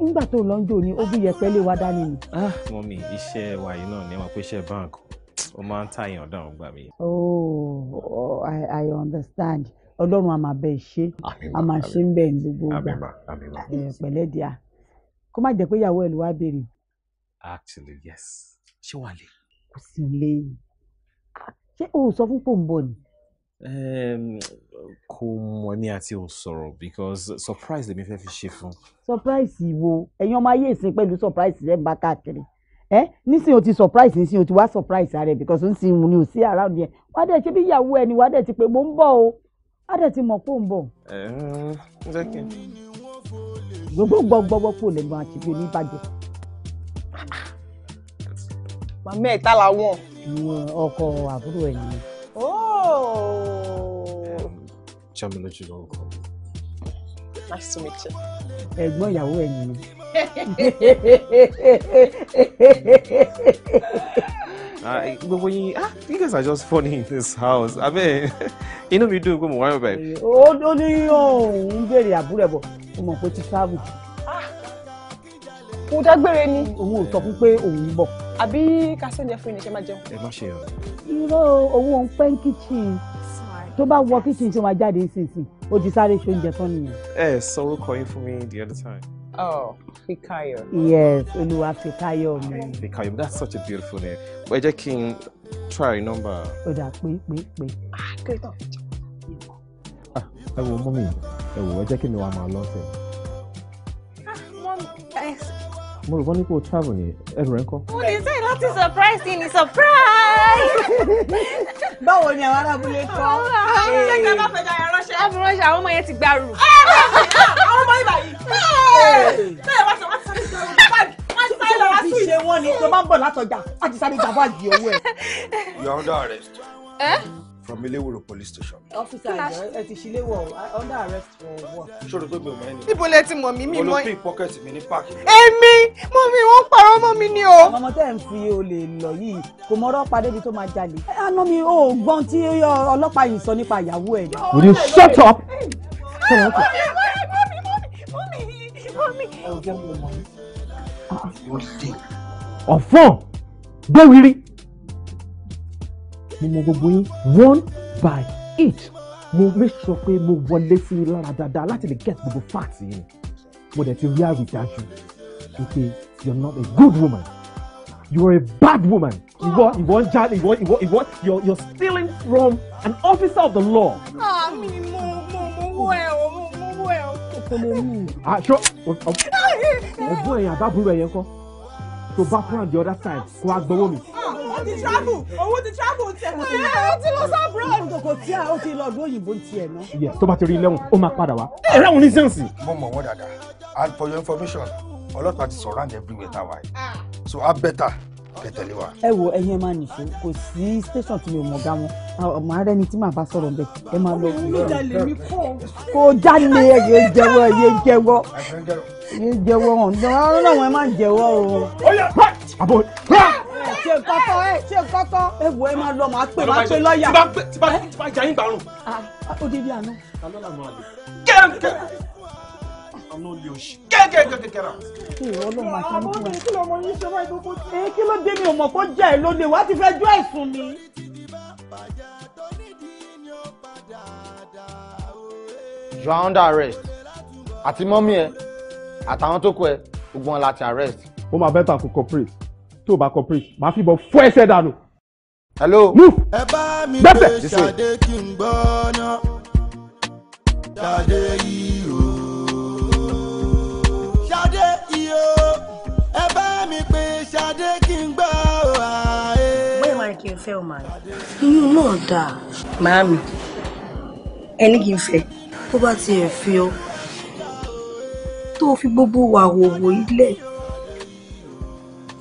Speaker 2: nígbà tó lọ́njọ́ ni ó bí yẹpẹ́ lé wa dání ni.
Speaker 12: Ah, mọ́mí iṣẹ́ wa náà ni ẹ máa báńkì ó máa ń tàyàn dáhùn
Speaker 2: oh I, I understand ọlọ́run a máa bẹ ṣe a máa ṣe ń bẹ̀ ní gbogbo ìgbà pẹ̀lẹ́ díà kó má jẹ́ pé ìyàwó ẹ̀ ló wá béèrè.
Speaker 12: actually yes
Speaker 2: ṣé wàá lè. kò sí lè ṣé o sọ fún pòǹbò ni.
Speaker 12: Ehm, kò mọ̀ ní àti ò sọ̀rọ̀ because surprise lèmi fẹ́ fi ṣe fún.
Speaker 2: surprise wo ẹ̀yin ọmọ ayé ìsìn pẹ̀lú surprise rẹ̀ bá káàkiri ẹ nísìnyí o ti surprise nísìnyí o ti wá surprise ara because n sin ni o sí around yẹn wàá dẹ̀ ṣe bí ìyàwó ẹni wàá dẹ̀ ti pé mo ń bọ̀ o wàá dẹ̀ ti mọ̀ pé o ń bọ̀. gbogbo gbọgbọgbọ kò lè mọ àti fi oníbàjẹ́. màmá ẹ̀ tá làwọn. ọkọ àbúrò
Speaker 12: ẹ̀ nìyẹn. ó. ṣàmìlójú lórúkọ mi. Nice to meet you. Ẹ̀gbọ́n ìyàwó ẹ̀ nìyẹn. [laughs] Ah, gbogbo yín, ah, you guys are just funny in this house. Abẹ́ [laughs] inú mi dùn pé mo wáyọ̀ báyìí.
Speaker 2: Ó ní òun béèrè àbúrò ẹ̀ bọ̀, ó mọ̀ pé ti travel. Ah! Mo dágbére ni. Òun ò sọ fún pé òun ń bọ̀. Àbí ká sẹ́ni ẹ̀ fún ẹni ṣe máa jẹun. Ẹ má ṣe yọ. Irọ́ owó ń pẹ́ ń kíchìn tó bá wọ kíchìn tó máa jáde nísinsìnyí ó ti sáré ṣe oúnjẹ tán nìyẹn.
Speaker 12: ẹ sọ orúkọ yín fún mi the other time.
Speaker 2: Oh, Fikayo. Yes, Olúwa Fikayo mi.
Speaker 12: Fikayo, that's such a beautiful name. Ẹ jẹ́ kí n try number. Ó
Speaker 2: dà pé pé pé. Ah,
Speaker 13: ah, ẹ wo mọ́mì, ẹ
Speaker 12: wo ẹ jẹ́ kí mi wá máa lọ́sẹ̀.
Speaker 2: Ah,
Speaker 12: Mo rò wọ́n ní kó travel ni ẹrù rẹ̀ ń kọ́.
Speaker 2: Mo lè sẹ́yìn láti surprise yìí ni surprise báwo ni àwọn arábúlé kọ́. ṣé kí ẹ bá fẹjà yẹn ránṣẹ́. ẹ fi àwọn ọmọ yẹn ti gbàrú. àwọn ọmọ ibà yìí. bẹ́ẹ̀ wá sọ wá sọ tí wọ́n fi ṣe wọ́n ni tó bá ń bọ̀ látọjà láti sáré jà báàgì owó ẹ̀.
Speaker 11: You're under arrest from Iléwòrò police station.
Speaker 2: ọ́fíìsì àjọ ẹ ti ṣí léwọ̀ under arrest for what.
Speaker 11: ṣòro pé mi ò mọ ẹni. níbo lẹ ti mọ̀ mí mi mọ́. olùpín pọ́kẹ́tì mi ní páàkì.
Speaker 2: èmi mo mi wọ́n parọ́ mọ́ mi ni o. ọmọ tẹ́ ń fi olè lọ yìí kò mọ̀rọ̀ padé bi tó máa jalè. àná mi ò gbọ́n tí ọlọ́pàá yìí sọ nípa ìyàwó ẹ̀. Will you shut up?
Speaker 12: Uh-uh. ọ̀fọ̀n gbẹ̀wìrì mo gbogbo yín one by each mo make sure pé mo wọlé sí i lára dáadáa láti lè get gbogbo facts yìí ni mo dẹ̀ ti rí àrídájú wípé you you're not a good woman you are a bad woman ìwọ ìwọ ń jáde ìwọ ìwọ ìwọ you you're stealing from an officer of the law.
Speaker 2: àmì mo mo mo wọ ẹ o mo mo
Speaker 12: wọ ẹ o. àṣọ ah, ẹ̀gbọ́n ẹ̀yìn àbábúrò ẹ̀yẹ kọ́ tó bá on the other side, kó wá gbowó mi.
Speaker 2: Ah, ó ti travel owó ti travel tẹ̀ mọ́. ẹ ó ti lọ sábúrò. kòkò tí a ó ti lọ ọdún òyìnbó tiẹ̀ náà.
Speaker 12: yẹ tó bá ti rí lẹ́wọ̀n ó máa padà wá.
Speaker 2: ẹ
Speaker 7: ráwọn ní sẹ́ǹsì.
Speaker 2: mo mọ̀
Speaker 11: wọ́n dáadáa and for your information ọlọ́pàá ti surround everywhere táwa yìí ah. so I better kẹtẹlẹ wa.
Speaker 2: ẹ wo ẹyin ẹ máa nìṣó kò sí station tí yóò mọ ọgá wọn ọmọ ara ẹni tí màá bá sọ̀rọ̀ bẹ́ẹ̀ ẹ máa lọ. kò jáde ẹyẹ jẹ́wọ́ ẹyẹ jẹ́wọ́ ẹyẹ jẹ́wọ́ hàn ọ̀rọ̀ náà wọn máa jẹ́wọ́ o. àbò ṣe kọ́kọ́ ẹ ṣe kọ́kọ́ ẹ wo ẹ máa lọ màá pè máa pè lọ́ọ̀yà.
Speaker 12: tí bá jẹ́ àyín gbàrún. odidi àná. kẹ́ńkẹ́. I'm not Yoshi. Get, get, get, get, get out.
Speaker 2: Ọlọ́run àti ọmọ mi kí lọ́mọ yín ṣe wáyé gbogbo tí. Ee kí ló dé mi ò mọ̀ kó jẹ́ ẹ̀ lóde wá ti fẹ́ jó ẹ̀sùn mi.
Speaker 3: You are under arrest.
Speaker 1: Àti mọ́mí ẹ àtàwọn tó kọ ẹ gbogbo wọn láti arrest.
Speaker 5: Ó máa bẹ́tà kó cooperate tó o bá cooperate màá fìbọn fọ́ ẹsẹ̀ dànù. Hello. Move.
Speaker 1: Ẹ bá way. gbé yìí. lọ́mọ àlè. iyún
Speaker 2: náà dáa. màámi ẹni kì í fẹ́. tó bá tiẹ̀ fi ọ tó fi gbogbo wà wòwò ilẹ̀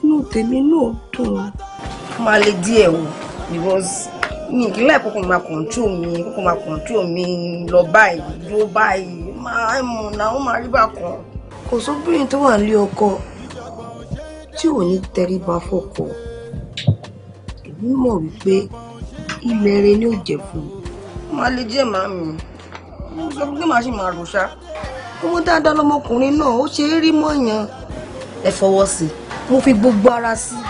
Speaker 2: inú tèmi náà dùn. máa le díẹ̀ o because mi kì í láì kókò máa kọ̀ǹtù mi kókò máa kọ̀ǹtù mi lọ báyìí dúró báyìí máa ń mọ̀nà ó máa rí bákan. kò sóbìnrin tó wà nílé ọkọ
Speaker 4: tí ò ní tẹríba fọ́kọ ń mọ̀ wípé
Speaker 2: ilẹ̀ rẹ ni ó jẹ́ fún mi. má lè jẹ́ màmí mo sọ pé màá sì máa rò ṣá.
Speaker 4: ọmọ dáadáa lọmọkùnrin náà ó ṣe é rí mọ̀yàn.
Speaker 2: ẹ fọwọ́ sí mo fi gbogbo ara sí i.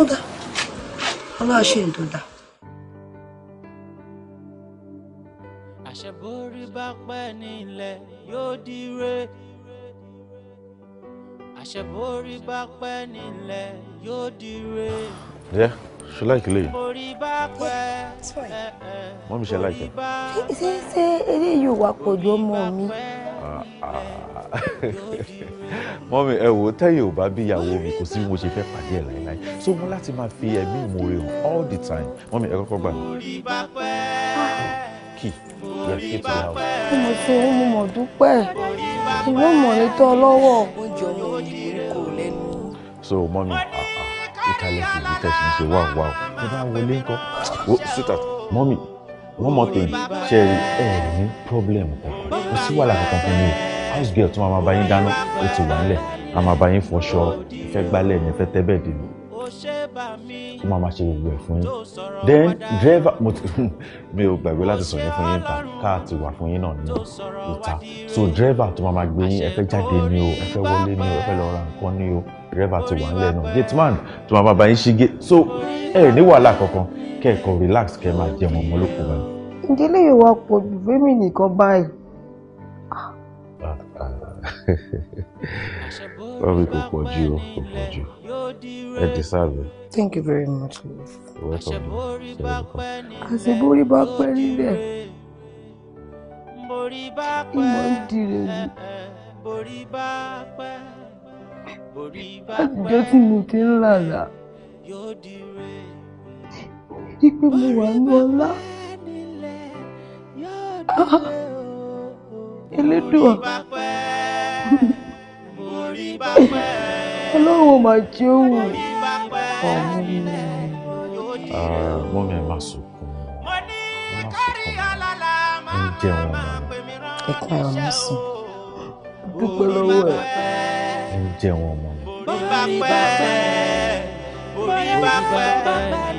Speaker 2: ó dà ọlọ́run ṣe ń tó dà.
Speaker 13: Yeah. She like Lee.
Speaker 3: Yeah,
Speaker 4: it's fine.
Speaker 13: Mommy, she like it.
Speaker 4: Ṣé ṣé eré yóò wá pọ̀jù ọmọ mi?
Speaker 13: Ah, ah. [laughs] Mọ́mí ẹ wò ó tẹ́yìn ò bá bí ìyàwó mi kò sí bí mo ṣe fẹ́ pàdé ẹ̀ láéláé. So mo láti máa fi ẹ̀mí ìmoore hàn all the time. Mọ́mí ẹ kọ́kọ́ gbà mí.
Speaker 3: Kì yẹ kí tó yà ó.
Speaker 4: Bí mo ṣe ń mú mọ̀ dúpẹ́, ìwé ìmọ̀lẹ́tọ́ lọ́wọ́.
Speaker 3: Oúnjẹ ọmọ òdìbò kò
Speaker 4: lẹ́nu.
Speaker 13: So mọ́mí, kálẹ̀ sí ibi tẹ̀sí ṣe wá wá o ẹ bá wọlé ńkọ́. o sita mọ́mì wọ́n mọ̀ tèmi ṣe ẹ ní pọ́blẹ́mù kankan kò sí wàhálà kankan fún mi o house girl tó máa bá yín dáná ó ti wà nílẹ̀ a máa bá yín fọṣọ ìfẹ́ gbálẹ̀ ní ìfẹ́ tẹ́bẹ̀ dìbò ó máa máa ṣe gbogbo ẹ̀ fún yín then driver mo ti [laughs] mi ò gbàgbé láti sọ yín fún yín ta káà ti wà fún yín náà ní ìta so driver tó máa máa gbé yín ẹ fẹ́ jáde ni o ẹ fẹ́ wọlé ni o ẹ fẹ́ lọ ra nǹkan ni o rẹ́bà ti wà nílẹ̀ náà gate man tó máa bá yín ṣí gate so ẹ ní wàhálà kankan kẹ́ẹ̀kan relax kẹ́ẹ̀ máa jẹun ọmọ olóko báyìí.
Speaker 4: ìdílé ìwà pọ̀ jù fẹ́mi nìkan báyìí.
Speaker 13: Probably Kokoji or Kokoji. I deserve it.
Speaker 4: Thank you very much, love. You're welcome. You're welcome. Àṣebórí bá pẹ́ nílẹ̀. Ìmọ̀ ń dirẹ̀ ni àtijọ́ tí mo ti ń lálàá ipe mo wà ní ọlá ah, elédùà ọlọ́run mà
Speaker 3: jẹ́ òun ọ̀hún mi.
Speaker 13: mọ́mí ẹ má sunkún ẹ má sunkún ẹ jẹun
Speaker 3: ẹ̀ka ẹ̀ ọ̀nà sùn dúpẹ́ lọ́wọ́ ẹ̀ jẹ́ wọn ọmọ mi. bórí bá pẹ́ bórí bá pẹ́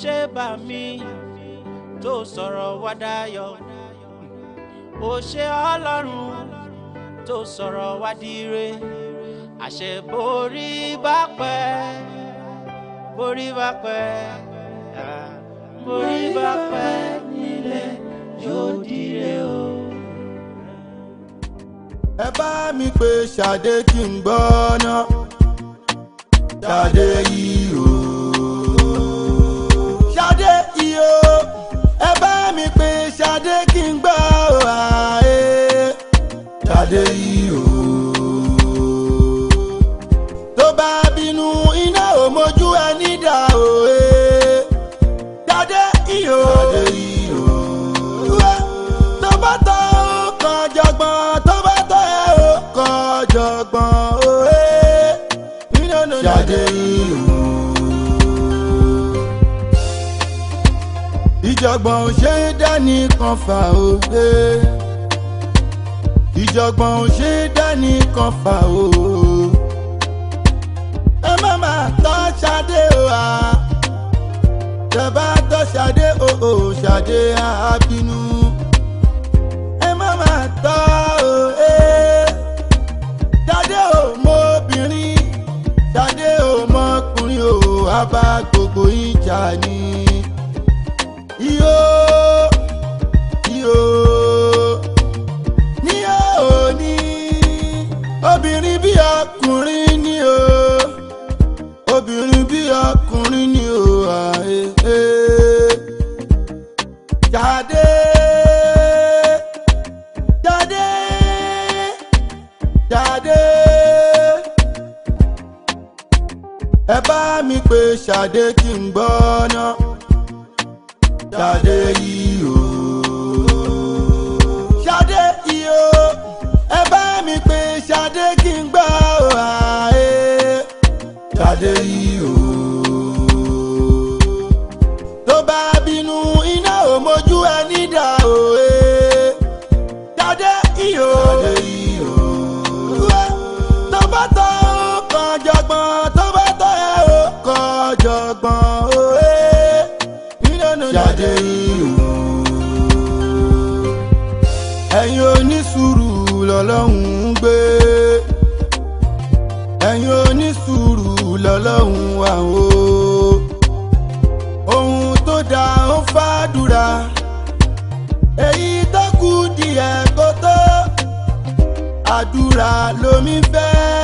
Speaker 3: ṣe bá mi tó sọ̀rọ̀ wá dayọ̀ ó ṣe ọlọ́run tó sọ̀rọ̀ wá dire àṣẹ bórí bá pẹ́ bórí bá pẹ́ bórí bá pẹ́ nílẹ̀
Speaker 1: yóò dire o ẹ bá mi pè ṣàdé kí n gbọ́ ná ṣàdé yìí. ṣadé yìí o. ìjọ̀gbọ̀n ò ṣe é dání kan fà òde. ìjọ̀gbọ̀n ò ṣe é dání kan fà o. ẹ má máa tọ́ ṣadé o a. tẹ tọ́ ṣadé o ò ṣadé a wá bá gbogbo ìjà ni. Iyó iyó ní òní obìnrin bí ọkùnrin ni o obìnrin bí ọkùnrin ni o àhèhè jáde jáde jáde ẹ bá mi pé ṣàdé kí n gbọ́ ná ṣàdé yìí o. ẹ̀yin onísùúrù lọ́lọ́run ń gbé ẹ̀yin onísùúrù lọ́lọ́run wà o ohun tó dáa ó fàdúrà èyí tó kù díẹ̀ kó tó àdúrà lomi
Speaker 4: fẹ́ẹ́.